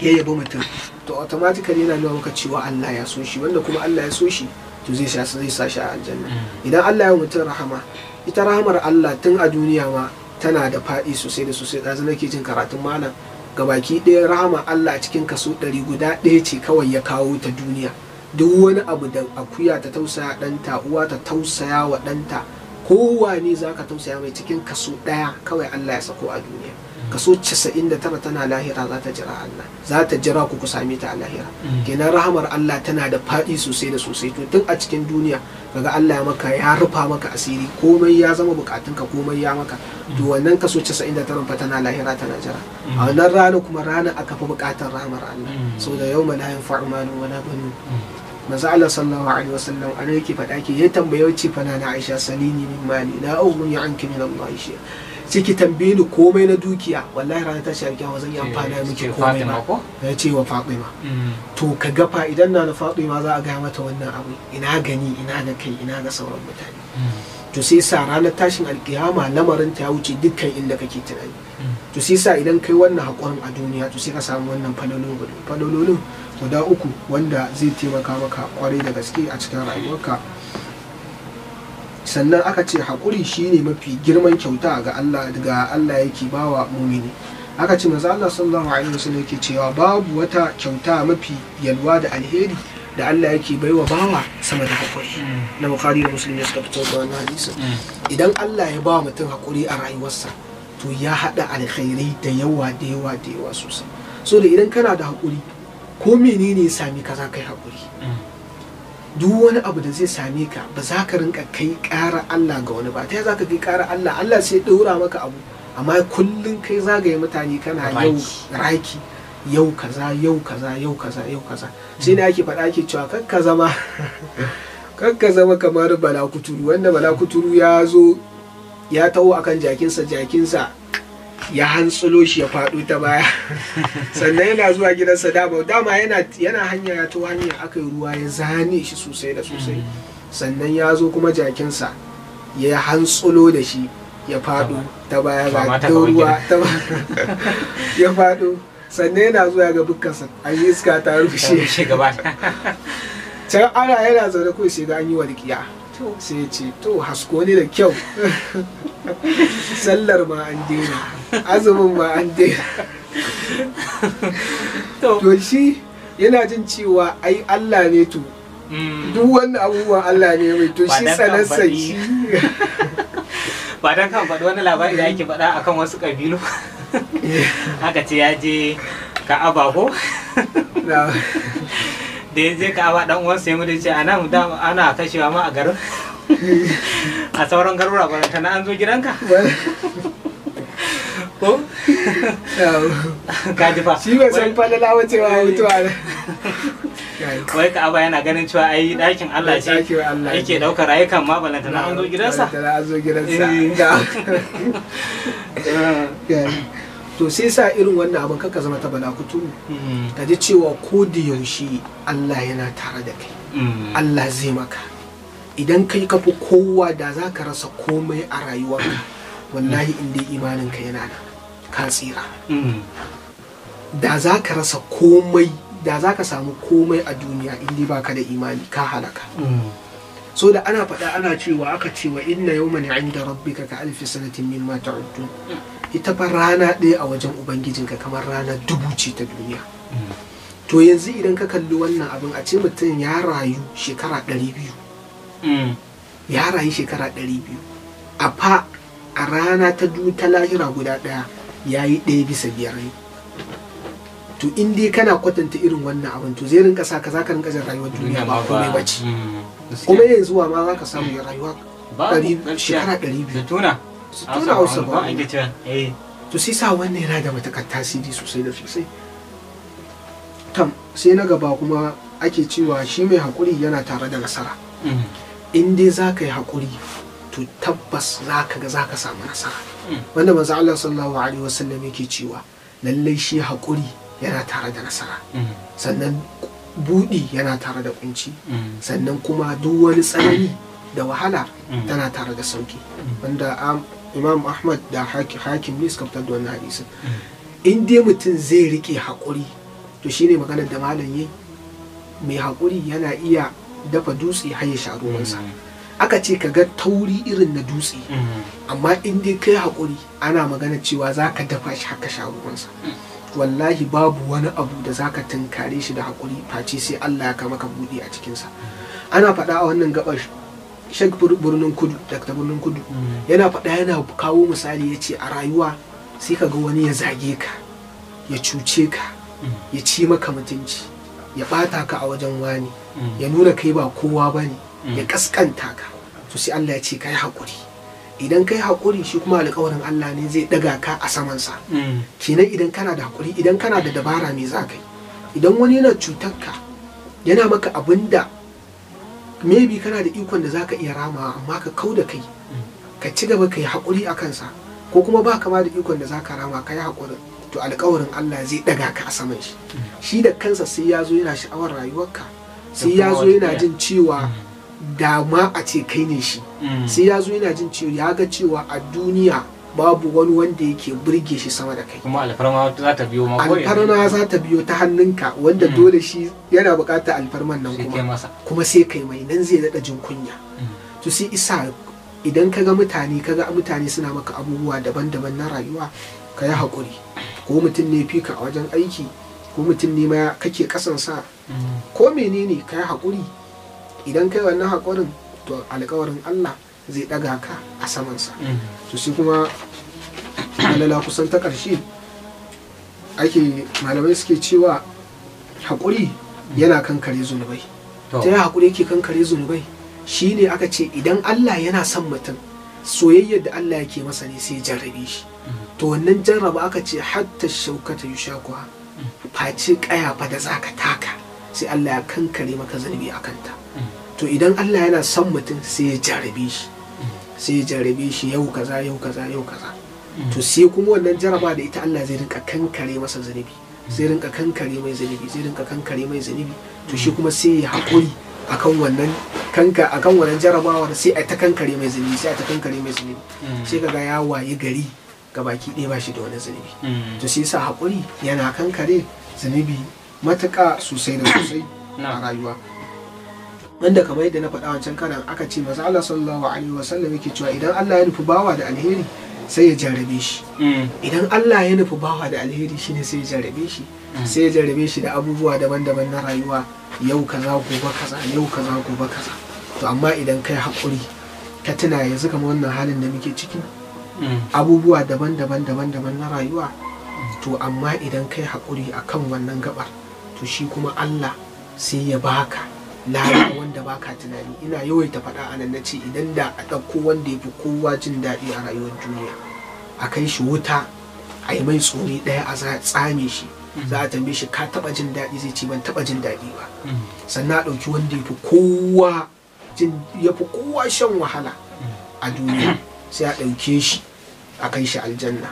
ya yabi mutum to automatically yana nuna maka cewa Allah ya so shi wanda kuma Allah ya so shi to zai sa zai sa shi a aljanna mm. idan Allah ya mutum rahama ita rahamar Allah tun a duniya ma tana da faɗi sosai da sosai ɗazu nake jin karatun malam gabaki ɗaya rahama Allah cikin kaso ɗari guda ɗaya ce kawai ya kawo ta duniya duk wani abu da akuya ta tausaya ɗanta uwa ta tausaya wa ɗanta kowane za ka tausaya mai cikin kaso ɗaya kawai Allah ya sako a duniya kaso 99 tana lahira za ta jira Allah za ta jira ku ku same ta a lahira mm. kenan rahamar Allah tana da faɗi sosai da sosai to tun a cikin duniya kaga Allah ya maka ya rufa maka asiri komai ya zama bukatunka komai ya maka to mm. wannan kaso 99 fa tana lahira tana jira mm. a wannan rana kuma rana aka fi bukatar rahamar Allah saboda mala yin yanfa'u wa na banu manzo Allah sallallahu alaihi wasallam sallam faɗa ke ya tambaye wace fa na Aisha salini min mali la ughni anki min Allah ciki ki tambaye komai na dukiya wallahi ranar tashi alkiyama zan yi amfani da miki eh, komai ma ya ce wa fatima mm. to ka ga fa idan na fatima za a gaya mata wannan abu ina gani ina ga kai ina ga sauran mutane mm. to sai sa ranar tashin alkiyama lamarin ta wuce dukkan inda kake tunani mm. to sai sa idan kai wannan hakurin a duniya to sai ka samu wannan falololin guda uku wanda zai taimaka maka kwarai da gaske a cikin rayuwarka sannan aka ce haƙuri shine mafi girman kyauta ga Allah daga Allah yake bawa mumini aka ce maza Allah sallallahu alaihi wasallam yake cewa babu wata kyauta mafi yalwa da alheri da Allah yake baiwa bawa sama da haƙuri na Bukhari da Muslim suka fito da wannan hadisin idan Allah ya ba mutum haƙuri a rayuwarsa to ya haɗa alkhairi da yawa da yawa da yawa sosai so da idan kana da haƙuri ko menene ya sami ka za ka yi haƙuri duk wani abu da zai same ka ba za ka rinka kai ƙara Allah ga wani ba ta za ka kai ƙara Allah Allah sai ɗora maka abu amma kullum kai zagaye mutane kana yau raki yau kaza yau kaza yau kaza yau kaza sai da ake faɗa ake cewa kan ka zama kar ka zama kamar balakuturu. wanda bala kuturu ya zo ya taho akan jakinsa jakinsa ya hantsulo shi ya faɗo ta baya sannan yana zuwa gidansa dama dama yana yana hanya ya to hanya aka yi ruwa ya zane shi sosai da sosai sannan ya zo kuma jakinsa ya hantsulo da shi ya faɗo ta baya ba ta ruwa ya faɗo sannan yana zuwa ga bukkansa an yi iska ta rufe shi can ana yana zaune kawai sai ga an yi walƙiya sai ce to hasko ne da kyau sallar ma an daina azumin ma an daina to shi yana jin cewa ai Allah ne to mm. duk wani abubuwan Allah ne mai to shi sanarsa shi ba dan kan faɗi wani labari da yake faɗa akan wasu ƙabilu aka ce ya je ka abaho da ya je kawa dan uwan sai mutu ce ana nan ana kashewa ma a garin a sauran garura ta na an zo gidanka ko ka ji fa shi ba san falala wace wa eh. mutuwa ne wai ka aba yana ganin cewa ai dakin Allah ce yake daukar rayukan ma balanta na an zo gidansa an zo gidansa eh. eh. to sai sa irin wannan abin kaka zama ta balakutu mm. ka ji cewa ko da yaushe Allah yana tare da kai mm. Allah zai maka idan kai ka fi kowa da za ka rasa komai a rayuwarka wallahi mm. inda imanin ka yana nan ka tsira da za ka rasa komai da za ka samu komai a duniya inda ba ka da imani ka halaka so da ana faɗa ana cewa aka cewa inna yawman inda rabbika ka alfi sanatin mimma ta'uddu ita fa rana ɗaya a wajen ubangijinka kamar rana dubu ce ta duniya mm. to yanzu idan ka kalli wannan abin a ce mutum ya rayu shekara ɗari biyu mm. ya rayu shekara ɗari biyu a fa a rana ta ta lahira guda ɗaya ya yi ɗaya bisa biyar ne to in dai kana kwatanta irin wannan abin to zai rinka sa ka za ka rinka jin rayuwar duniya ba komai ba ce mm. kuma yanzu wa ma za ka samu rayuwa shekara ɗari biyu su tuna hausa ba eh. to sai sa wannan yana da matakar tasiri sosai da sosai tam sai na gaba kuma ake cewa shi mai haƙuri yana tare da nasara mm. in dai za ka yi haƙuri to tabbas za ka ga za ka samu nasara mm. wanda maza Allah sallallahu alaihi wasallam yake cewa lallai shi haƙuri yana tare da nasara mm. sannan buɗi yana tare da kunci sannan kuma duk wani tsanani da wahala tana tare da sauki wanda um, imam ahmad da hakim ne suka fitar da wannan hadisin in dai mutum zai rike haƙuri to shine magana da malam yi mai haƙuri yana iya dafa dutse har ya sha ruwansa mm-hmm. aka ce ka ga tauri irin na dutse mm-hmm. amma in dai kai haƙuri ana magana cewa za ka dafa shi haka sha ruwansa wallahi babu wani abu da za ka tunkare shi da haƙuri face sai allah ya kama ka buɗe a cikinsa mm-hmm. ana faɗa a wannan gabar shek birnin kudu dakta birnin kudu mm. yana faɗa yana kawo misali yace a rayuwa sai ka ga wani ya zage ka ya cuce ka mm. ya ci maka mutunci ya ɓata ka a wajen wani mm. ya nuna kai ba kowa bane. ya kaskanta ka to sai Allah ya ce kai hakuri. idan kai hakuri shi kuma alƙawarin Allah ne zai ɗaga ka a saman sa. kenan idan kana da haƙuri idan kana da dabara me za ka yi idan wani yana cutar ka yana maka abin da maybe kana da ikon da zaka iya rama amma ka kau da kai ka ci gaba kayi hakuri a kansa ko kuma ba kama da ikon da zaka rama ka yi to alƙawarin Allah zai ɗaga ka a saman shi shi da kansa sai ya zo yana sha'awar rayuwarka sai ya zo yana jin cewa dama a ce kai ne shi mm. sai ya zo yana jin cewa ya ga cewa a duniya babu wani wanda yake burge shi sama da kai kuma alfarma za ta biyo mako alfarma za ta biyo ta hannunka wanda hmm. dole shi yana bukatar alfarman nan kuma kuma sai kai mai nan zai daɗa jin kunya hmm. to sai isa idan kaga mutane kaga mutane suna maka abubuwa daban-daban na rayuwa ka yi hakuri ko mutum ne fika a wajen aiki ko mutum ne ma kake kasan sa. Hmm. ko menene ka yi hakuri idan kai wannan hakurin to alƙawarin Allah zai ɗaga ka a samansa to sai kuma halala kusan ta ƙarshe ake malamai suke cewa haƙuri yana kankare zunubai ta yi haƙuri yake kankare zunubai shi ne aka ce idan Allah yana son mutum soyayyar da Allah yake masa ne sai jarrabe shi mm-hmm. to wannan jarraba aka ce hatta shaukata yushakuha face ƙaya fa da ka taka sai Allah ya kankare maka zunubi a kanta mm-hmm. to idan Allah yana son mutum sai ya jarrabe shi mm-hmm. sai ya jarrabe shi yau kaza yau kaza yau kaza to sai kuma wannan jaraba da ita Allah zai rinka kankare masa zunubi zai rinka kankare mai zunubi zai rinka kankare mai zunubi to shi kuma sai ya haƙuri akan wannan kanka akan wannan jarabawar sai a ta kankare mai zunubi sai a ta kankare mai zunubi mm. sai kaga ya waye gari ga baki ɗaya ba shi da wani zunubi mm. to sai sa haƙuri yana kankare zunubi matuƙa sosai da sosai a rayuwa wanda kamar yadda na faɗa wancan karan aka ce maza Allah sallallahu alaihi wasallam yake cewa idan Allah ya nufi bawa da alheri sai ya jarabe shi mm. idan Allah ya nufi bawa da alheri shine sai ya jarabe shi mm. sai ya jarabe shi da abubuwa daban-daban na rayuwa yau kaza gobe kaza yau kaza gobe kaza to amma idan kai hakuri ka tuna yanzu kamar wannan halin da muke ciki mm. abubuwa daban-daban daban-daban na rayuwa to amma idan kai hakuri akan wannan gabar to shi kuma Allah sai ya baka lara wanda baka tunani ina yawaita faɗa a nan nace idan da a ɗauko wanda ya fi kowa jin daɗi a rayuwar duniya a kai shi wuta a yi mai tsoni ɗaya a tsame shi za a tambaye shi ka taɓa jin daɗi zai ce ban taɓa jin daɗi ba sannan a ɗauki wanda ya fi kowa ya fi kowa shan wahala a duniya sai a ɗauke shi a kai shi aljanna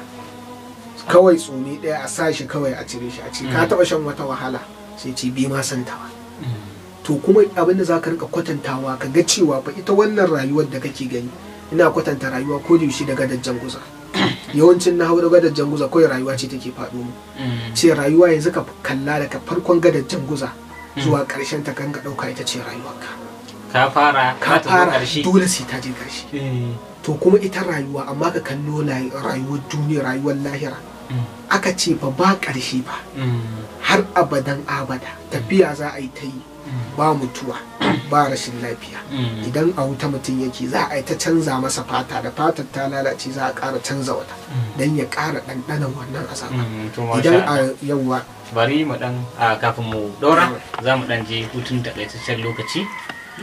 kawai tsoni ɗaya a sa shi kawai a cire shi a ce ka taɓa shan wata wahala sai ce bi ma santawa ba to kuma abinda zaka za rinka kwatantawa ka ga cewa fa ita wannan rayuwar da kake gani ina kwatanta rayuwa ko da yaushe da dajjan guza yawancin na daga dajjan guza kawai rayuwa ce take faɗo mu mm. ce rayuwa yanzu ka kalla daga farkon gadajjen guza mm. zuwa ƙarshen ta kan ɗauka ita ce rayuwarka ka fara ka fara dole sai ta je ƙarshe eh. to kuma ita rayuwa amma ka kallo rayuwar duniya rayuwar lahira mm. aka ce fa ba ƙarshe ba har abadan abada tafiya za a yi ta yi ba mutuwa ba rashin lafiya mm. idan a wuta mutum yake za a yi ta canza masa fata da fatar ta lalace za a ƙara canza wata mm. don ya kara ɗanɗanan wannan azaba mm, idan a yawa bari mu dan kafin mu ɗora za mu ɗan je hutun takaitaccen lokaci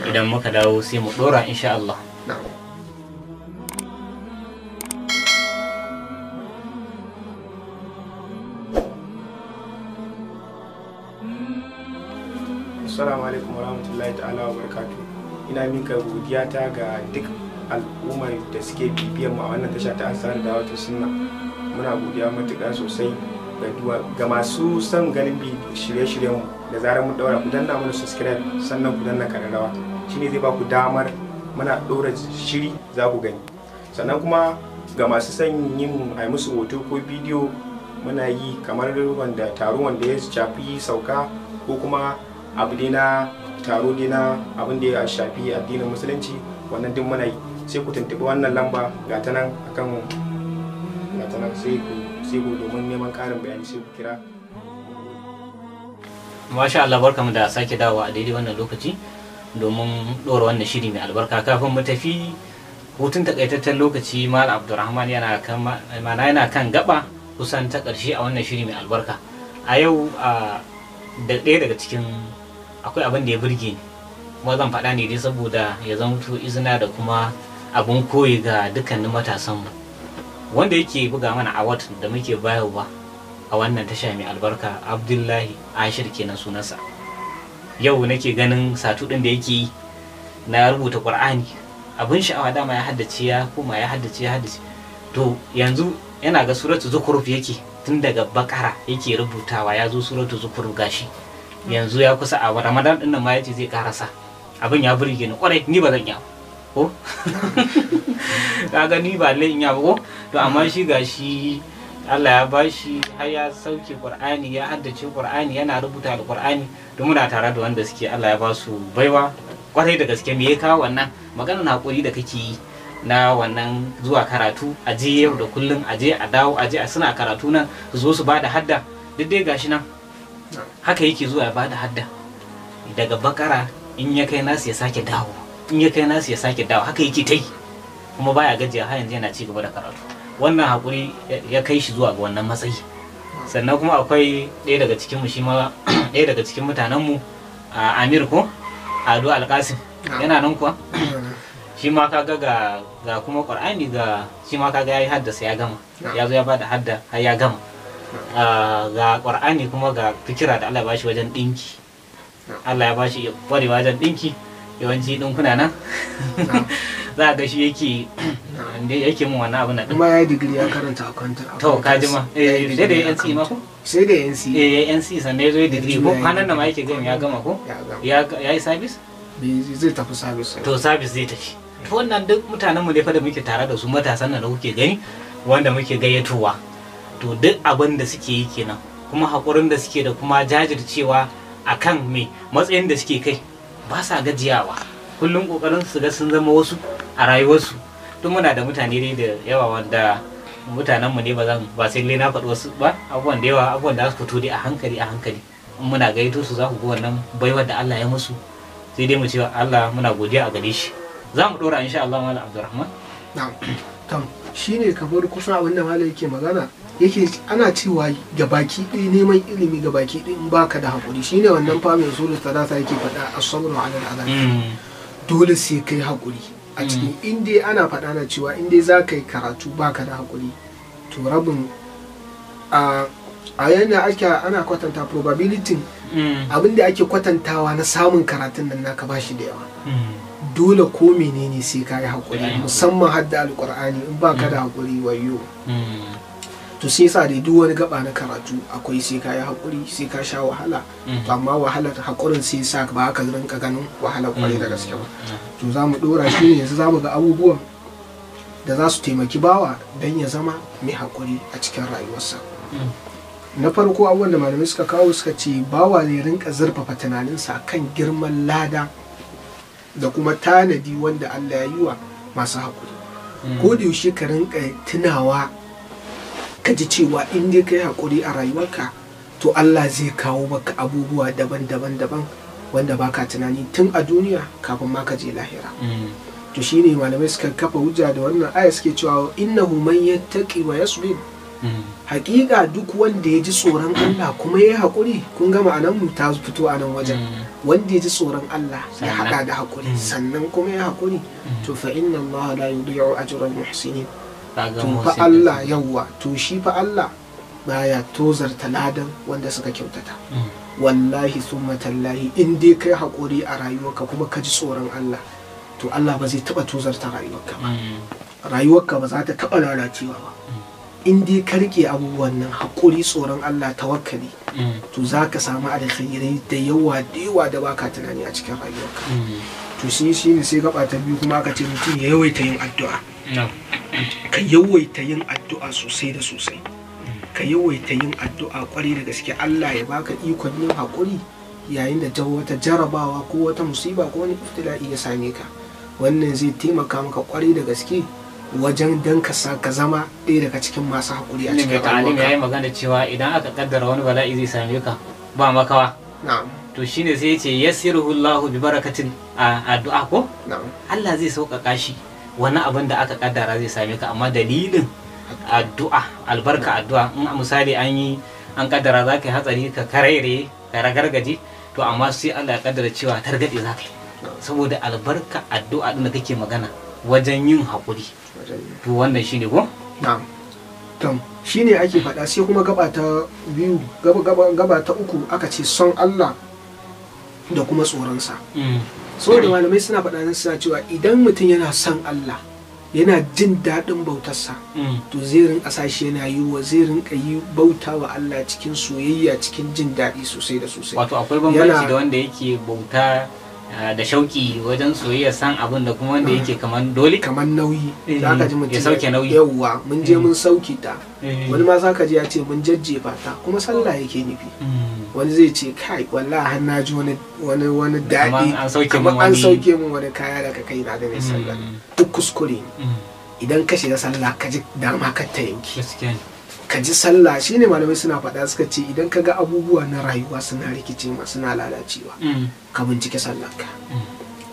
idan muka dawo sai mu ɗora insha Allah. assalamu alaikum warahmatullahi ta'ala wa barakatu ina minka godiya ta ga duk al'ummar da suke bibiyar mu a wannan tasha ta asarar da wata sunna muna godiya matuƙa sosai ga duwa masu son ganin bi shirye mu da zarar mu daura ku danna mana subscribe sannan ku danna kararrawa shine zai ba ku damar muna ɗora shiri za ku gani sannan kuma ga masu son yin a musu hoto ko bidiyo muna yi kamar wanda taro wanda ya shafi sauka ko kuma abu ne na taro ne na abin da ya shafi addinin musulunci wannan duk muna yi sai ku tuntuɓi wannan lamba ga ta nan akan ga ta nan sai ku sai ku domin neman ƙarin bayani sai ku kira masha Allah barkamu da sake dawowa a daidai wannan lokaci domin ɗora wannan shiri mai albarka kafin mu tafi hutun takaitaccen lokaci mal abdurrahman yana kan mana yana kan gaba kusan ta ƙarshe a wannan shiri mai albarka a yau a da ɗaya daga cikin akwai abin da ya burge ni kuma zan faɗa ne dai saboda ya zamto izina da kuma abin koyi ga dukkanin mu wanda yake buga mana a wata da muke bayarwa a wannan tasha mai albarka abdullahi ashir kenan sunansa yau nake ganin satu ɗin da yake yi na rubuta ƙur'ani abin sha'awa dama ya haddace ya koma ya haddace ya haddace to yanzu yana ga suratu zukuruf yake tun daga bakara yake rubutawa ya zo suratu zukuruf gashi yanzu ya kusa a ramadan din nan ma yace zai karasa abin ya burge ni kwarai ni ba zan iya ko kaga ni ba lai in ya ko to amma shi gashi Allah ya bashi har ya sauke Qur'ani ya haddace Qur'ani yana rubuta Qur'ani don muna tare da wanda suke Allah ya basu baiwa kwarai da gaske me ya kawo wannan maganar hakuri da kake yi na wannan zuwa karatu a je yau da kullum a je a dawo a je a suna karatu nan su zo su bada hadda duk dai gashi nan haka yake zuwa ya bada hadda daga bakara in ya kai nasu ya sake dawo in ya kai nasu ya sake dawo haka yake ta yi kuma baya gajiya har yanzu yana ci gaba da karatu wannan hakuri ya kai shi zuwa ga wannan matsayi sannan kuma akwai ɗaya daga cikin mu shi ma ɗaya daga cikin mutanen mu Amir ko Ado Alkasim yana nan kuwa shi ma kaga ga ga kuma Qur'ani ga shi ma kaga yayi haddasa ya gama ya zo ya bada hadda har ya gama ga ƙwar'ani kuma ga fikira da Allah ya bashi wajen ɗinki Allah ya bashi ƙwarewa wajen ɗinki yawanci ɗinkuna nan za a ga shi yake da yake mun wannan abin da kuma ya digiri ya karanta accounting to ka ji ma eh sai da NC ma ko sai da NC eh NC sannan zo digiri ko kwanan nan ma yake gani ya gama ko ya yi service zai tafi service to service zai tafi to wannan duk mutanen mu ne fa da muke tare da su matasan nan da kuke gani wanda muke gayyatowa to duk abin da suke yi kenan kuma haƙurin da suke da kuma jajircewa a kan me matsayin da suke kai ba sa gajiyawa kullum ƙoƙarin su ga sun zama wasu a rayuwarsu tun muna da mutane dai da yawa wanda mutanenmu ne ba zan ba sai na faɗi wasu ba abubuwan da yawa abubuwan da su fito dai a hankali a hankali in muna gaito su za ku ga wannan baiwar da Allah ya musu sai dai mu ce Allah muna godiya a gare shi za mu ɗora insha Allah malam Abdulrahman na'am tam shine kamar kusa wanda malai yake magana yake ana cewa gabaki ɗaya neman ilimi gabaki ɗaya in baka da haƙuri shine wannan famin ta zata yake faɗa asabru ala al'adab mm. dole sai kai haƙuri a mm. cikin in dai ana faɗa na cewa in za ka yi karatu baka da haƙuri to rabin a yana ake ana kwatanta probability mm. abinda ake kwatantawa na samun karatun nan naka bashi da yawa dole ko menene sai ka yi haƙuri eh. musamman hadda alƙur'ani in baka da haƙuri wayo to sai sa dai duk wani gaba na karatu akwai sai ka yi haƙuri sai ka sha wahala mm-hmm. to amma wahalar haƙurin sai sa ba ka rinka ganin wahala kwarai da gaske ba mm-hmm. to za mu ɗora shi ne yanzu za mu ga abubuwan da za su taimaki bawa don ya zama mai haƙuri a cikin rayuwarsa mm-hmm. na farko abubuwan da malamai suka kawo suka ce bawa ya rinka zurfafa tunaninsa kan girman lada da kuma tanadi wanda Allah ya yi wa masu haƙuri ko da yaushe ka rinka tunawa ka ji cewa in dai kai hakuri a rayuwarka to Allah zai kawo maka abubuwa daban-daban daban wanda baka tunani tun a duniya kafin ma ka je lahira mm. to shine malamai suka kafa hujja da wannan aya suke cewa innahu man yattaqi wa yasbir mm. hakika duk wanda ya ji tsoron Allah kuma ya haƙuri kun gama a nan ta fito a nan wajen mm. wanda ya ji tsoron Allah ya haɗa da haƙuri sannan kuma ya haƙuri to fa inna Allah la yudhi'u ajra muhsinin to fa Allah yawwa to shi fa Allah baya tozarta ladan wanda suka kyautata mm. wallahi summa tallahi in dai kai hakuri a rayuwarka kuma ka ji tsoron Allah to Allah ba zai taɓa tozarta rayuwarka ba mm. rayuwarka ba za ta taɓa lalacewa ba mm. in dai ka rike abubuwan nan hakuri tsoron Allah tawakkali to za ka samu alkhairai da yawa da yawa da baka tunani a cikin rayuwarka to shi shi ne sai gaba ta biyu kuma aka ce mutum ya yawaita yin addu'a ka yawaita yin addu'a sosai da sosai ka yawaita yin addu'a kwarai da gaske Allah ya baka ikon yin haƙuri yayin da wata jarabawa ko wata musiba ko wani iftila'i ya same ka wannan zai taimaka maka kwarai da gaske wajen dan ka ka zama ɗaya daga cikin masu haƙuri a cikin rayuwarka. ya yi magana cewa idan aka kaddara wani bala'i zai same ka ba makawa. To shine sai ya ce yasiruhu Allahu bi barakatin a addu'a ko? Allah zai sauƙaƙa shi. wani abin da aka kaddara zai same ka amma dalilin addu'a albarka addu'a in misali an yi an kaddara za ka yi hatsari ka karere ka ragargaje to amma sai Allah ya kaddara cewa targaɗe za ka yi saboda albarka addu'a din da kake magana wajen yin haƙuri to wannan shine ko na'am shine ake faɗa sai kuma gaba ta biyu gaba ta uku aka ce son Allah da kuma tsoronsa mm. so da malamai suna faɗa nan suna cewa idan mutum yana son Allah yana jin daɗin bautarsa mm. to zai rinka yana yi wa zai rinka yi bauta wa Allah cikin soyayya cikin jin daɗi sosai da sosai wato akwai bambanci da wanda yake bauta Ah, da shauki wajen soyayya san abin da kuma wanda yake kaman dole kaman nauyi eh, za ka ji mutum ya sauke nauyi yawwa mun je mun eh. sauki ta eh. wani ma za ka ji ya ce mun jajjefa ta kuma sallah yake nufi hmm. wani zai ce kai wallahi har na ji wani wani wani daɗi kamar an sauke mun wani kaya daga kai na da mai sallah hmm. duk kuskure ne hmm. idan ka shiga sallah ka ji dama ka ta yanki ka ji sallah shi ne malamai suna faɗa suka ce idan ka ga abubuwa na rayuwa suna rikice ma suna lalacewa mm. ka bincike sallarka mm.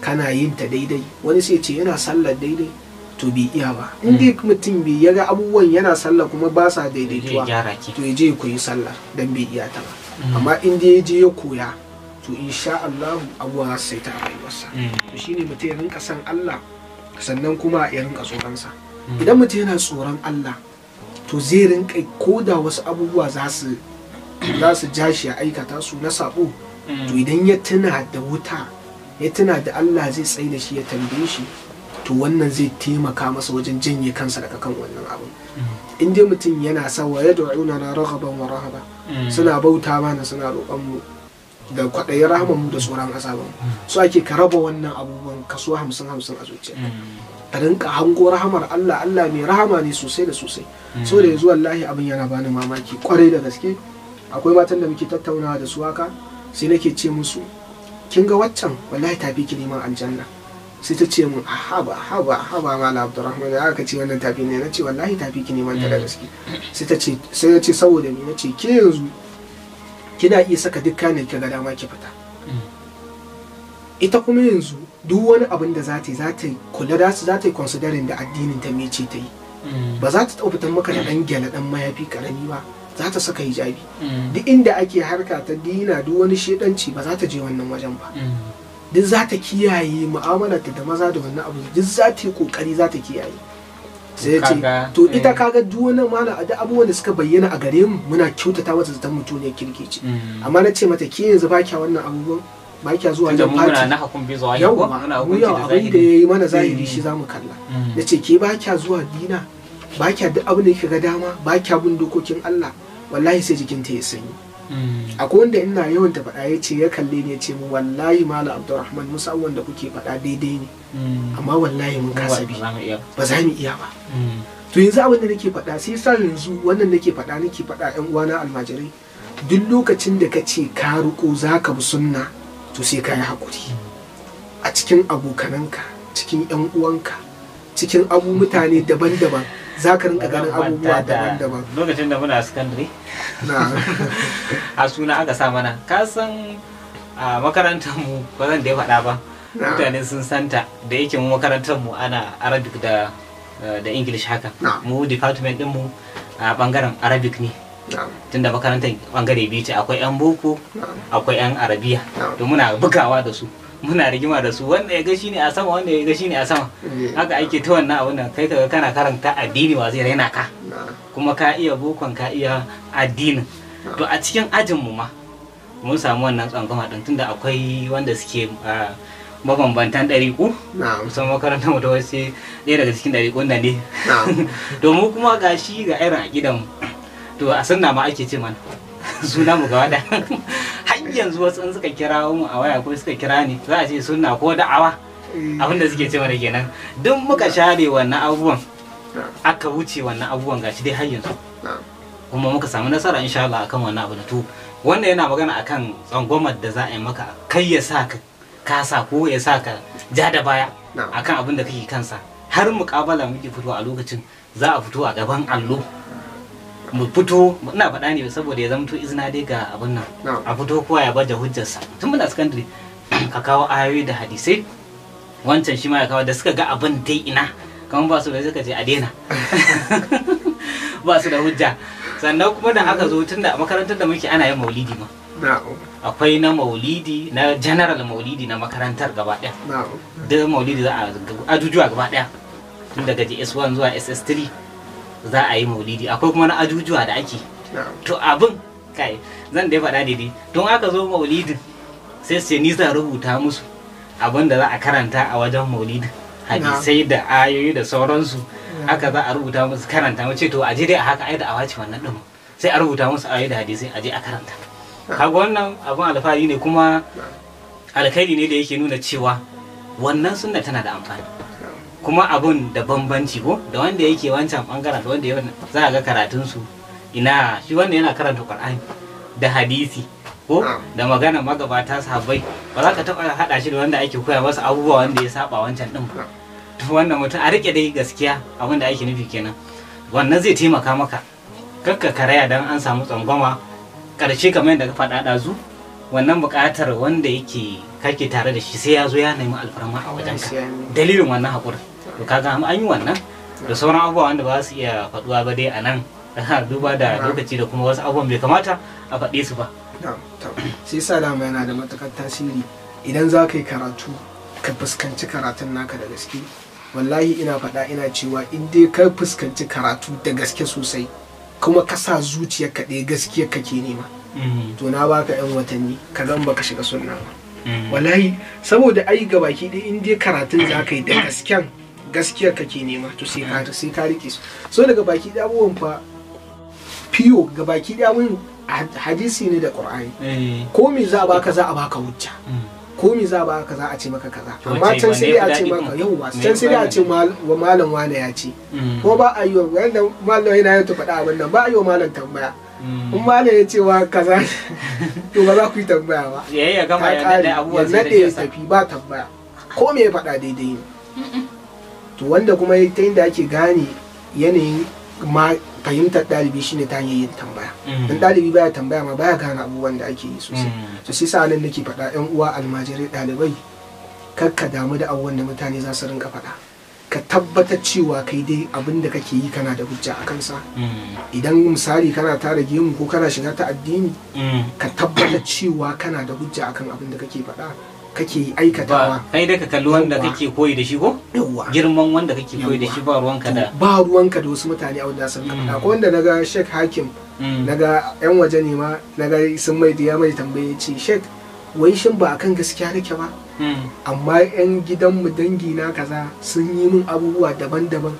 kana yin ta daidai wani sai ce yana sallar daidai to bai iya ba in dai mm. mutum bai ya ga abubuwan yana sallah kuma ba sa daidaituwa to ya je ya koyi sallah dan bai iya ta ba amma in dai ya je ya koya to insha Allah abuwa za su sai ta rayuwarsa to shine mutum ya rinka san Allah sannan kuma ya rinka tsoronsa idan mutum yana tsoron Allah to zai rinka ko da wasu abubuwa za su ja shi ya aikata su na sabo mm. to idan ya tuna da wuta ya tuna da Allah zai tsaye da shi ya tambaye shi to wannan zai taimaka masa wajen janye kansa daga kan wannan abu mm. in dai mutum yana sa wa ya da'una na raghaban wa rahaba mm. suna bauta mana suna roƙon mu da kwaɗayi rahaman mu da tsoron azaban su ake ka raba wannan abubuwan kaso hamsin hamsin a zuciya a rinka hango rahamar Allah Allah mai rahama ne sosai da sosai hmm. so da yanzu wallahi abin yana bani mamaki kwarai da gaske akwai matan da muke tattaunawa da su haka sai nake ce musu kin ga waccan wallahi ta fi kiliman aljanna sai ta ce mun haba haba haba mala abdurrahman da aka ce wannan tafi ne na ce wallahi tafi ki neman ta da hmm. gaske sai ta ce sai ta ce saboda ni na ce ke yanzu kina iya saka duk ki ga dama ki fita hmm. ita kuma yanzu duk wani abin da za ta yi kula da su za ta yi considering da addinin ta mece ta yi mm. ba za ta taɓa maka da ɗan gyala ɗan mayafi karami ba za ta saka hijabi mm. duk inda ake harka ta dina duk wani shedanci ba za ta je wannan wajen ba mm. duk za ta kiyaye mu'amalarta da maza da wannan abu duk za ta yi kokari za ta kiyaye sai ce to ita eh. kaga duk wani mana da abubuwan da suka bayyana a gare mu muna kyautata mata zaton mutuniyar kirki ce amma na ce mata ke yanzu ba wannan abubuwan ba kya zuwa yin fati yau mu yau abin da ya yi mana zahiri mm. shi zamu kalla mm. nace ke ba kya zuwa dina ba kya duk abin da kika ga dama ba kya bin dokokin Allah wallahi sai jikinta ya sanyi mm. akwai wanda ina yawan ta faɗa yace ya kalle ne yace mu wallahi malam abdurrahman musa wanda kuke faɗa daidai ne amma wallahi mun kasa ba za mu iya ba to yanzu abin da nake faɗa sai sa yanzu wannan nake faɗa nake faɗa yan uwana almajirai duk lokacin da kace ce ka ruko za bi sunna to sai ka yi haƙuri a cikin abokananka cikin 'yan uwanka cikin abu mutane daban-daban za ka rinka ganin abubuwa daban-daban lokacin da muna secondary a suna aka sa mana ka san a makarantar mu ba zan dai faɗa ba mutane sun santa da yake mu makarantar mu ana arabic da eh, da english haka mu department din mu a bangaren arabic ne tunda makarantar bangare biyu ce akwai yan boko akwai yan arabiya to muna bugawa da su muna rigima da su wanda ya gashi ne a sama wanda ya gashi ne a sama haka ake ta wannan abun nan kai kaga kana karanta addini wa zai raina ka kuma ka iya bokon ka iya addinin to a cikin ajin mu ma mun samu wannan tsangwama din tunda akwai wanda suke mabambantan ɗariƙu kusan makarantar mu ta wasu ɗaya daga cikin ɗariƙun nan ne domin kuma gashi ga irin a gidan to a sanna ma ake ce mana suna mu ga wada har yanzu wasu in suka kira mu a waya ko suka kira ni za a ce suna ko da'awa eh. abin da suke ce mana kenan duk muka share wannan abubuwan aka wuce wannan abubuwan gashi dai har yanzu kuma muka samu nasara insha Allah akan wannan abu na to wannan yana magana akan tsangwamar da za a yi maka kai ya sa ka kasa ko ya sa ka ja da baya akan abin da kake kansa har mukabala muke fito a lokacin za a fito a gaban allo mu fito ina faɗa ne saboda ya zamto izina dai ga abin nan a fito kowa ya bada hujjarsa tun muna sakandare ka kawo ayoyi da hadisai wancan shi ma ya kawo da suka ga abin dai ina kamar ba su da suka je a daina ba su da hujja sannan kuma da aka zo tun da a makarantar da muke ana yin maulidi ma akwai na maulidi na general maulidi na makarantar gaba daya da maulidi za a ajujuwa gaba daya tun daga js1 zuwa ss3 za a yi maulidi akwai kuma na ajujuwa da ake to abin kai zan dai faɗa daidai don aka zo maulidin sai su ni zan rubuta musu abin da za a karanta a wajen maulidin hadisai da ayoyi da sauransu haka za a rubuta musu karanta mace to aje dai a haka ai da a wace wannan din sai a rubuta musu ayoyi da hadisai aje a karanta kaga wannan abin alfahari ne kuma alkhairi ne da yake nuna cewa wannan sunna tana da amfani kuma abun da bambanci ko da wanda yake wancan bangaren da wanda ya za a ga karatun su ina shi wanda yana karanta qur'ani da hadisi ko da magana magabata sahabbai ba za ka taba hada shi da wanda ake koya masa abubuwa wanda ya saba wancan din ba to wannan mutum a rike dai gaskiya abin da ake nufi kenan wannan zai taimaka maka kakka karaya dan an samu tsangwama karshe kamar yadda ka faɗa ɗazu wannan buƙatar wanda yake kake tare da shi sai ya zo ya nemi alfarma a wajenka dalilin wannan haƙurin to kaga an yi wannan da sauran abubuwa wanda ba su iya faduwa ba dai a nan duba da lokaci da kuma wasu abubuwan bai kamata a faɗe su ba sai sa dama yana da matakar tasiri idan za ka yi karatu ka fuskanci karatun naka da gaske wallahi ina faɗa ina cewa in dai ka fuskanci karatu da gaske sosai kuma ka sa zuciyar ka ɗaya gaskiyar kake nema mm. to na baka yan watanni ka gan baka shiga sunna mm. wallahi saboda ai gabaki ɗaya in dai karatun za ka yi da gasken gaskiyar kake nema to sai ka mm. sai ka rike su so daga baki da abubuwan fa fiyo ga baki da abubuwan hadisi ne da qur'ani eh. ko me za a baka za a baka hujja mm. ko me za a baka za a ce maka kaza amma can sai a ce maka mm. yau ba can sai a ce wa malam wane ya ce ko ba a yi wa wanda malam yana yin ta faɗa abin nan ba a yi wa malam tambaya in malam ya ce wa kaza to ba za ku yi tambaya ba ya gama ya nade abubuwan ya tafi ba tambaya ko me ya faɗa daidai ne to wanda kuma ta inda ake gane yanayin ma fahimtar ɗalibi shine ta hanyar yin tambaya dan mm. ɗalibi baya tambaya ma baya gane abubuwan da ake yi sosai mm. to sai sa nan nake faɗa yan uwa almajirai ɗalibai kar ka damu da abubuwan da mutane za su rinka faɗa ka tabbatar cewa kai dai abin da kake yi kana da hujja a kansa mm. idan misali kana tara gemu ko kana shiga ta addini ka tabbatar cewa kana da hujja akan abin da kake faɗa kake aikatawa kai da ka kalli wanda kake koyi da shi ko girman wanda kake koyi da shi ba ruwanka da ba ruwanka da wasu mutane a wanda sun kafa akwai wanda naga Sheikh Hakim mm. naga yan waje ne ma naga sun mai da ya mai tambaye ce Sheikh wai shin ba akan gaskiya nake ba mm. amma yan mu dangi na kaza sun yi min abubuwa daban-daban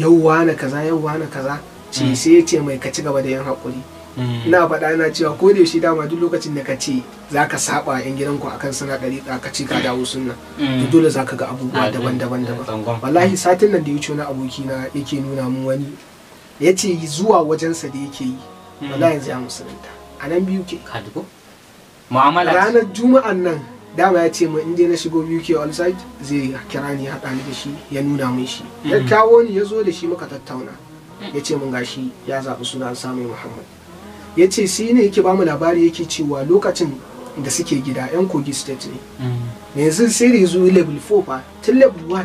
yauwa na kaza yauwa na kaza ce mm. sai ya ce mai ka ci gaba da yan hakuri. Mm. ina faɗa ina cewa ko da yaushe dama duk lokacin da ka ce za ka saba yan gidan ku akan suna ɗari ka ce ka dawo sunna mm. to dole za ka ga abubuwa daban-daban daban wallahi satin nan da ya wuce na abokina yake nuna mun wani ya ce zuwa sa da yake yi mm. wallahi yanzu ya musulunta a nan biyu ke mu'amala. ranar juma'an nan dama ya ce in dai na shigo UK all side zai kira ni haɗa ni da shi ya nuna min shi ya kawo ni ya zo da shi muka tattauna ya ce mun gashi ya zaɓi sunan samun Muhammad ya ce shi ne yake bamu labari yake cewa lokacin da suke gida 'yan kogi state ne mm. yanzu sai da zuwa level 4 fa tun level 1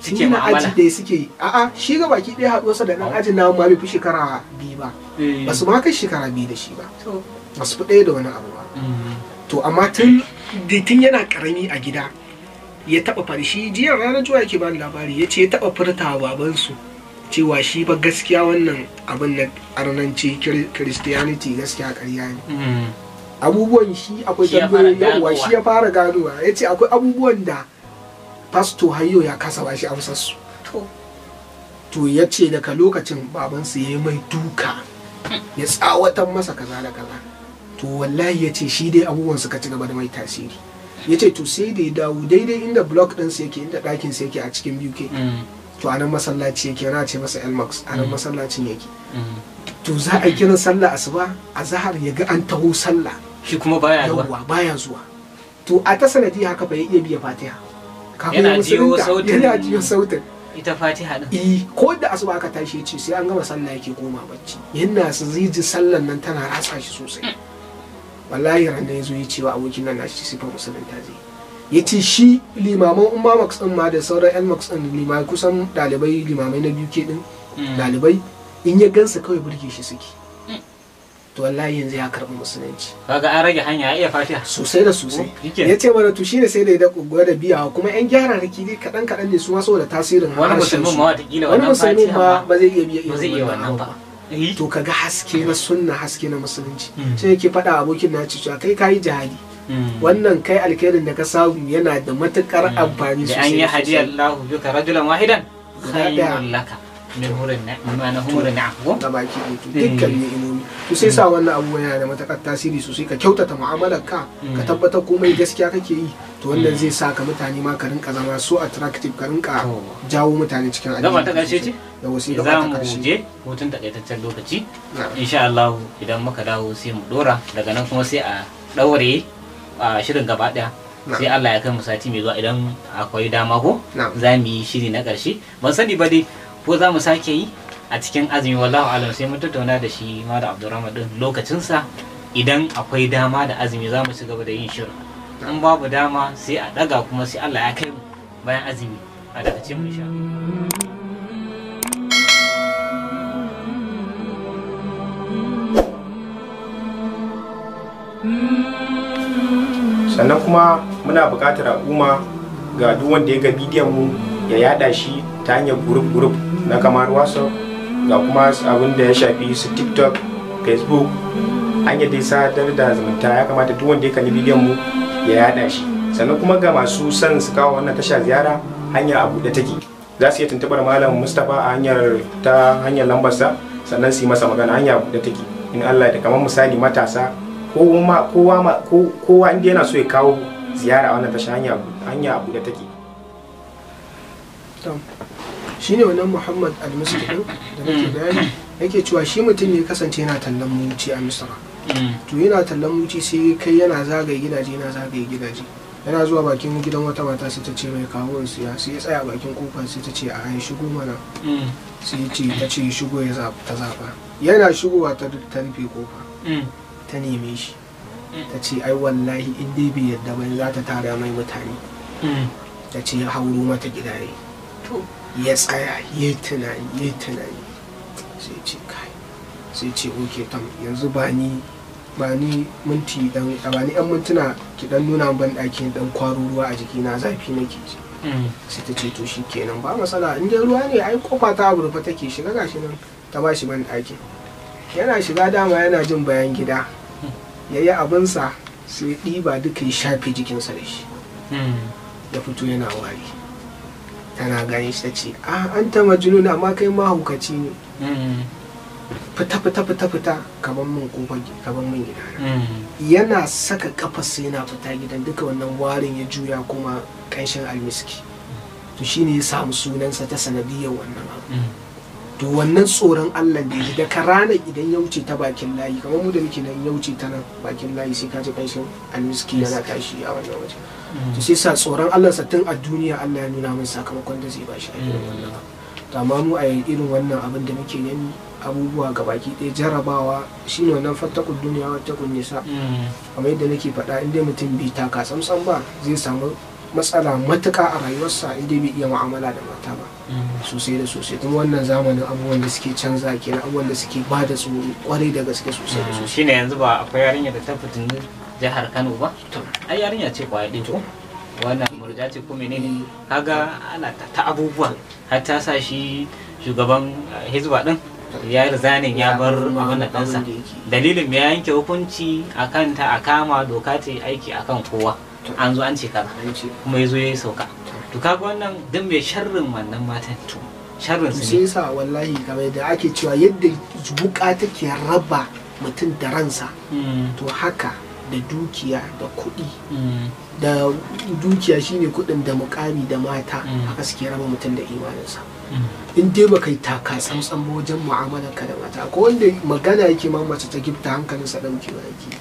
suke na aji da suke a'a shi ga baki ɗaya haɗuwarsa da ɗan oh. ajin na ma bai fi shekara biyu ba eh. ba su ma kai shekara biyu da shi ba ba su fi ɗaya da wani abu ba mm. to amma tun tun yana ƙarami a gida ya taɓa fari shi jiya ranar juwa yake bani labari ya ce ya taɓa furta babansu cewa shi ba gaskiya wannan abin na arnanci christianity gaskiya karya ne mm. abubuwan shi akwai tambayoyi yawa shi ya fara ganowa ya ce akwai abubuwan da pasto hayo ya kasa ba shi amsarsu to ya ce daga lokacin babansa ya yi mai duka ya tsawatan masa kaza da kaza to wallahi ya ce shi dai abubuwan suka ci gaba da mai tasiri ya ce to sai da dawo daidai inda block ɗinsa yake inda ɗakinsa yake a cikin uk mm. to a nan masallaci yake yana ce masa elmax a nan mm. masallacin yake mm. to za a kiran sallah asuba a zahar ya ga an taho sallah shi kuma baya zuwa baya zuwa to a ta sanadi haka bai iya biya fatiha yana sautin yana jiyo sautin ita fatiha din eh ko da asuba aka tashi ya ce sai an gama sallah yake koma bacci yana su ziji sallan nan tana ratsa shi sosai mm. wallahi ran da yazo ya ce wa abokin nan nashi sifa musulunta zai ya ce shi limaman umma max din ma da sauran yan max din limamai kusan dalibai limamai na uk din dalibai mm. in ya gansa kawai burge shi suke mm. to wallahi yanzu ya karɓi musulunci kaga an rage hanya iya fatiha sosai da sosai oh, ya ce mana to shine sai da da kogo da biya kuma yan gyara raki dai kadan kadan ne su ma saboda tasirin wani musulmin ma wata kila wannan fatiha ba ba zai iya biya ba zai iya wannan ba eh? to kaga haske na sunna haske na musulunci mm. sai yake faɗa abokin na cewa kai kayi jihadi Hmm. wannan kai alkhairin da ka samu yana da matukar hmm. amfani sosai da an yi hadiyar lahu bika rajulan wahidan khairun laka min hurin na'ima na hurin na'amu da baki dukkan ni'imomi to sai sa wannan abu yana da matakar tasiri sosai ka kyautata mu'amalar ka ka hmm. tabbatar komai gaskiya kake yi to wannan zai sa ka mutane ma ka rinka zama so attractive ka rinka jawo mutane cikin addini gaba ta karshe ce da wasu gaba ta karshe je hutun takaitaccen lokaci insha Allah idan muka dawo sai mu dora daga nan kuma sai a daure A shirin gaba daya sai Allah ya kai mu sati mai zuwa idan akwai dama ko za mu yi shiri na karshe ban sani ba dai ko za mu sake yi a cikin azumi wallahu alam sai mun tattauna da shi ma da abdurrahman din lokacin sa idan akwai dama da azumi za mu ci gaba da yin shirin in babu dama sai a daga kuma sai Allah ya kai mu bayan azumi a daga cikin insha Mmm. hmm sannan kuma muna buƙatar al'umma ga duk wanda ya ga bidiyon mu ya yada shi ta hanyar gurup gurup na kamar wasu ga kuma abin da ya shafi su tiktok facebook hanyar dai sadar da zumunta ya kamata duk wanda ya kalli bidiyon mu ya yada shi sannan kuma ga masu son su kawo wannan tasha ziyara hanya a buɗe take za su iya tuntubar malam mustapha a hanyar ta hanyar lambarsa sannan su yi masa magana hanya a buɗe take in allah da kamar misali matasa kowa inda yana so ya kawo ziyara a wannan tashi hanya abu da take shi ne wannan muhammad al-misri da nake mm. bayani yake cewa shi mutum ne kasance yana tallan muci a misra mm. to yana tallan muci sai kai yana zagaye gidaje yana zagaye gidaje yana zuwa bakin gidan wata mata sai ta ce mai kawo siya sai ya tsaya bakin kofar sai ta ce a ai shigo mana mm. sai ce ta ce shigo ya ta yana shigowa ta rufe kofa ta neme shi ta ce ai wallahi in dai bai yarda ba za ta tara mai mutane hmm. ta ce ya hauro mata gida ne ya tsaya ya tunani ya tunani sai ce kai sai ce oke tam yanzu ba ni ba ni minti dan ba ni yan mintuna ki dan nuna ban daki dan kwaro ruwa a na zafi nake ji hmm. sai ta ce to shi kenan ba matsala in dai ruwa ne ai kofa ta burfa take shiga gashi nan ta ba shi ban daki yana shiga dama yana jin bayan gida ya yi sa sai ɗiba duka ya shafe jikinsa da shi hmm. ya fito yana wari tana gani shi ta ce a an ta majnun amma kai mahaukaci ne hmm. fita fita fita fita kaban min kofar kaban min gidana hmm. yana saka kafarsa yana fita gidan duka wannan warin ya juya kuma kanshin almiski to shine ya samu sunansa ta sanadiyar wannan abu to wannan tsoron Allah da ya ka rana idan ya wuce ta bakin layi kamar mu da muke nan ya wuce ta nan bakin layi sai ka ji kanshin almiski yana tashi a wannan waje mm. to sai sa tsoron Allah sa tun a duniya Allah ya nuna min sakamakon da zai bashi a irin mm. wannan to amma mu a irin wannan abin da muke nemi abubuwa ga baki ɗaya jarabawa shine wannan fattakun duniya wata kun nisa mm. kamar yadda nake faɗa in dai mutum bai taka samsam ba zai samu matsala matuka a rayuwarsa inda bai iya mu'amala da mata ba mm. sosai da sosai kuma wannan zamanin abubuwan da suke canza ke abubuwan da suke ba da tsoro kwarai da gaske sosai da mm. sosai shine yanzu ba akwai yarinya da ta fitini jihar Kano ba to ai yarinya ce kwaya din to wannan murja ce ko menene kaga ana ta abubuwa har ta sa shi shugaban eh, hizba din ya rizanin ya bar abin ɗansa dalilin ya yanke hukunci a kanta a kama doka ce aiki akan kowa an zo an ce kaza kuma ya zo ya yi sauka to kaga wannan don mai sharrin wannan matan to sharrin su ne sai wallahi kamar da ake cewa yadda buƙa take raba mutum da ransa hmm. to haka da dukiya da kuɗi hmm. da dukiya shine kuɗin da mukami da mata hmm. haka suke raba mutum da imaninsa in dai ba kai taka tsantsan wajen mu'amalar ka da mata ko wanda magana yake ma mace ta gifta hankalinsa ba yake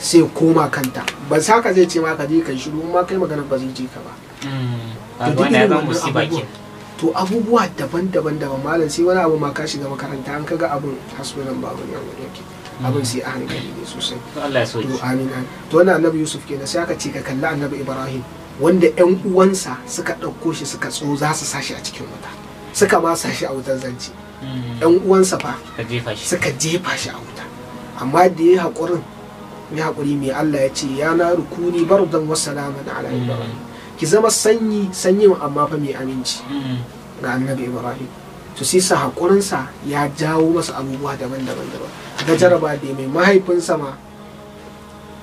sai koma kanta ba ka zai ce maka ka je ka shiru ma kai magana ba zai je ka ba hmm. to abubuwa daban-daban daban malam sai wani abu ma ka shiga makaranta an kaga abun hasbunan babu nan yake abin sai a hankali ne sosai to amin to wannan annabi yusuf kenan sai aka ce ka kalli annabi ibrahim wanda yan uwansa suka ɗauko shi suka tso za su sashi a cikin wuta suka ma sashi a wutar zance yan hmm. uwansa fa suka jefa shi a wuta amma da ya haƙurin mai haƙuri mai Allah ya ce ya na rukuni bardan wa salaman ala mm. ki zama sanyi sanyin amma fa mai aminci mm. ga annabi ibrahim to sai sa haƙurinsa ya jawo masa abubuwa daban-daban daban ga jaraba da mai mahaifinsa ma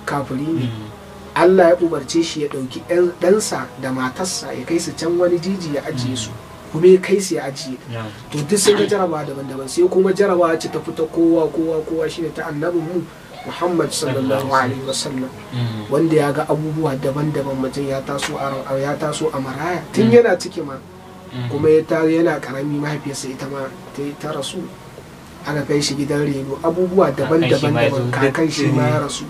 kafiri ne mm. Allah ya umarce shi ya ɗauki ɗansa da matarsa ya kai su can wani jiji ya ajiye su kuma ya kai su ya ajiye to duk sun ga jaraba daban-daban sai kuma jaraba ce ta fita kowa kowa kowa shine ta annabin mu muhammad sallallahu alaihi wasallam mm. wanda ya ga abubuwa daban-daban mutum ya taso a ya taso a maraya tun mm. yana ciki ma mm. kuma ya ta yana karami mahaifiyarsa ita ma ta rasu aka kai shi gidan reno abubuwa daban-daban daban kakan shi ma ya rasu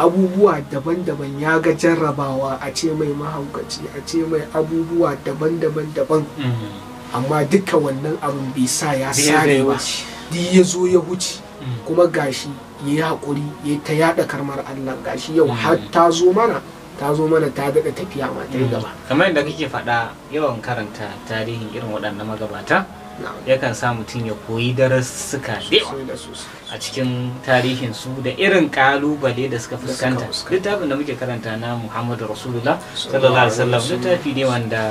abubuwa daban-daban ya ga jarrabawa a ce mai mahaukaci a ce mai abubuwa daban-daban daban amma duka wannan abin bai sa ya sare ba duk ya zo ya wuce kuma gashi ya haƙuri ya ta yaɗa karmar Allah gashi yau mm. har ta zo mana ta zo mana ta daɗa tafiya ma ta mm. gaba kamar yadda kake faɗa yawan karanta tarihin irin waɗannan magabata yakan sa mutum ya koyi darussuka a cikin tarihin su da irin kalubale da suka fuskanta littafin da muke karanta na muhammadu rasulullah sallallahu alaihi wasallam littafi ne wanda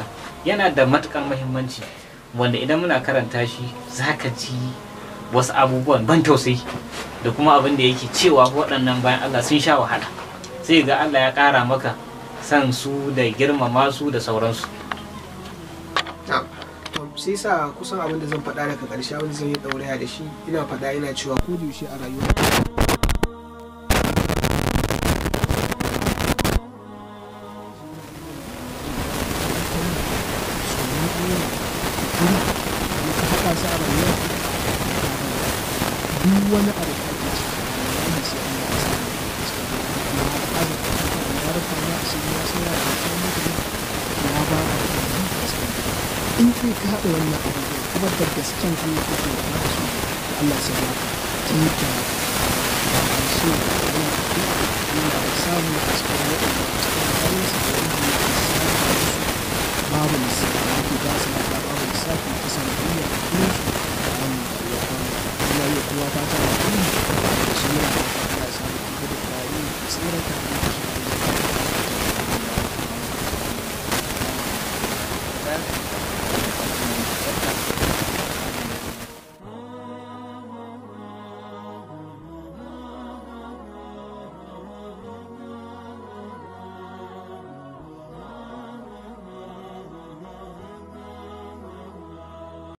yana da matukar muhimmanci wanda idan muna karanta shi zaka ji wasu abubuwan ban tausayi da kuma abin da yake cewa waɗannan bayan Allah sun sha wahala sai ga Allah ya ƙara maka san su da girmama su da sauransu sai sa kusan abin da zan faɗa daga ƙarshe wanda zan yi ɗauraya da shi ina faɗa ina cewa ku yaushe a rayuwa wani abu da ake ciki wallahi sai an yi asa da kuma abu ya rufa na wani da wani in kai haɗa wannan abu kuma da gaskiyan Allah su Allah sai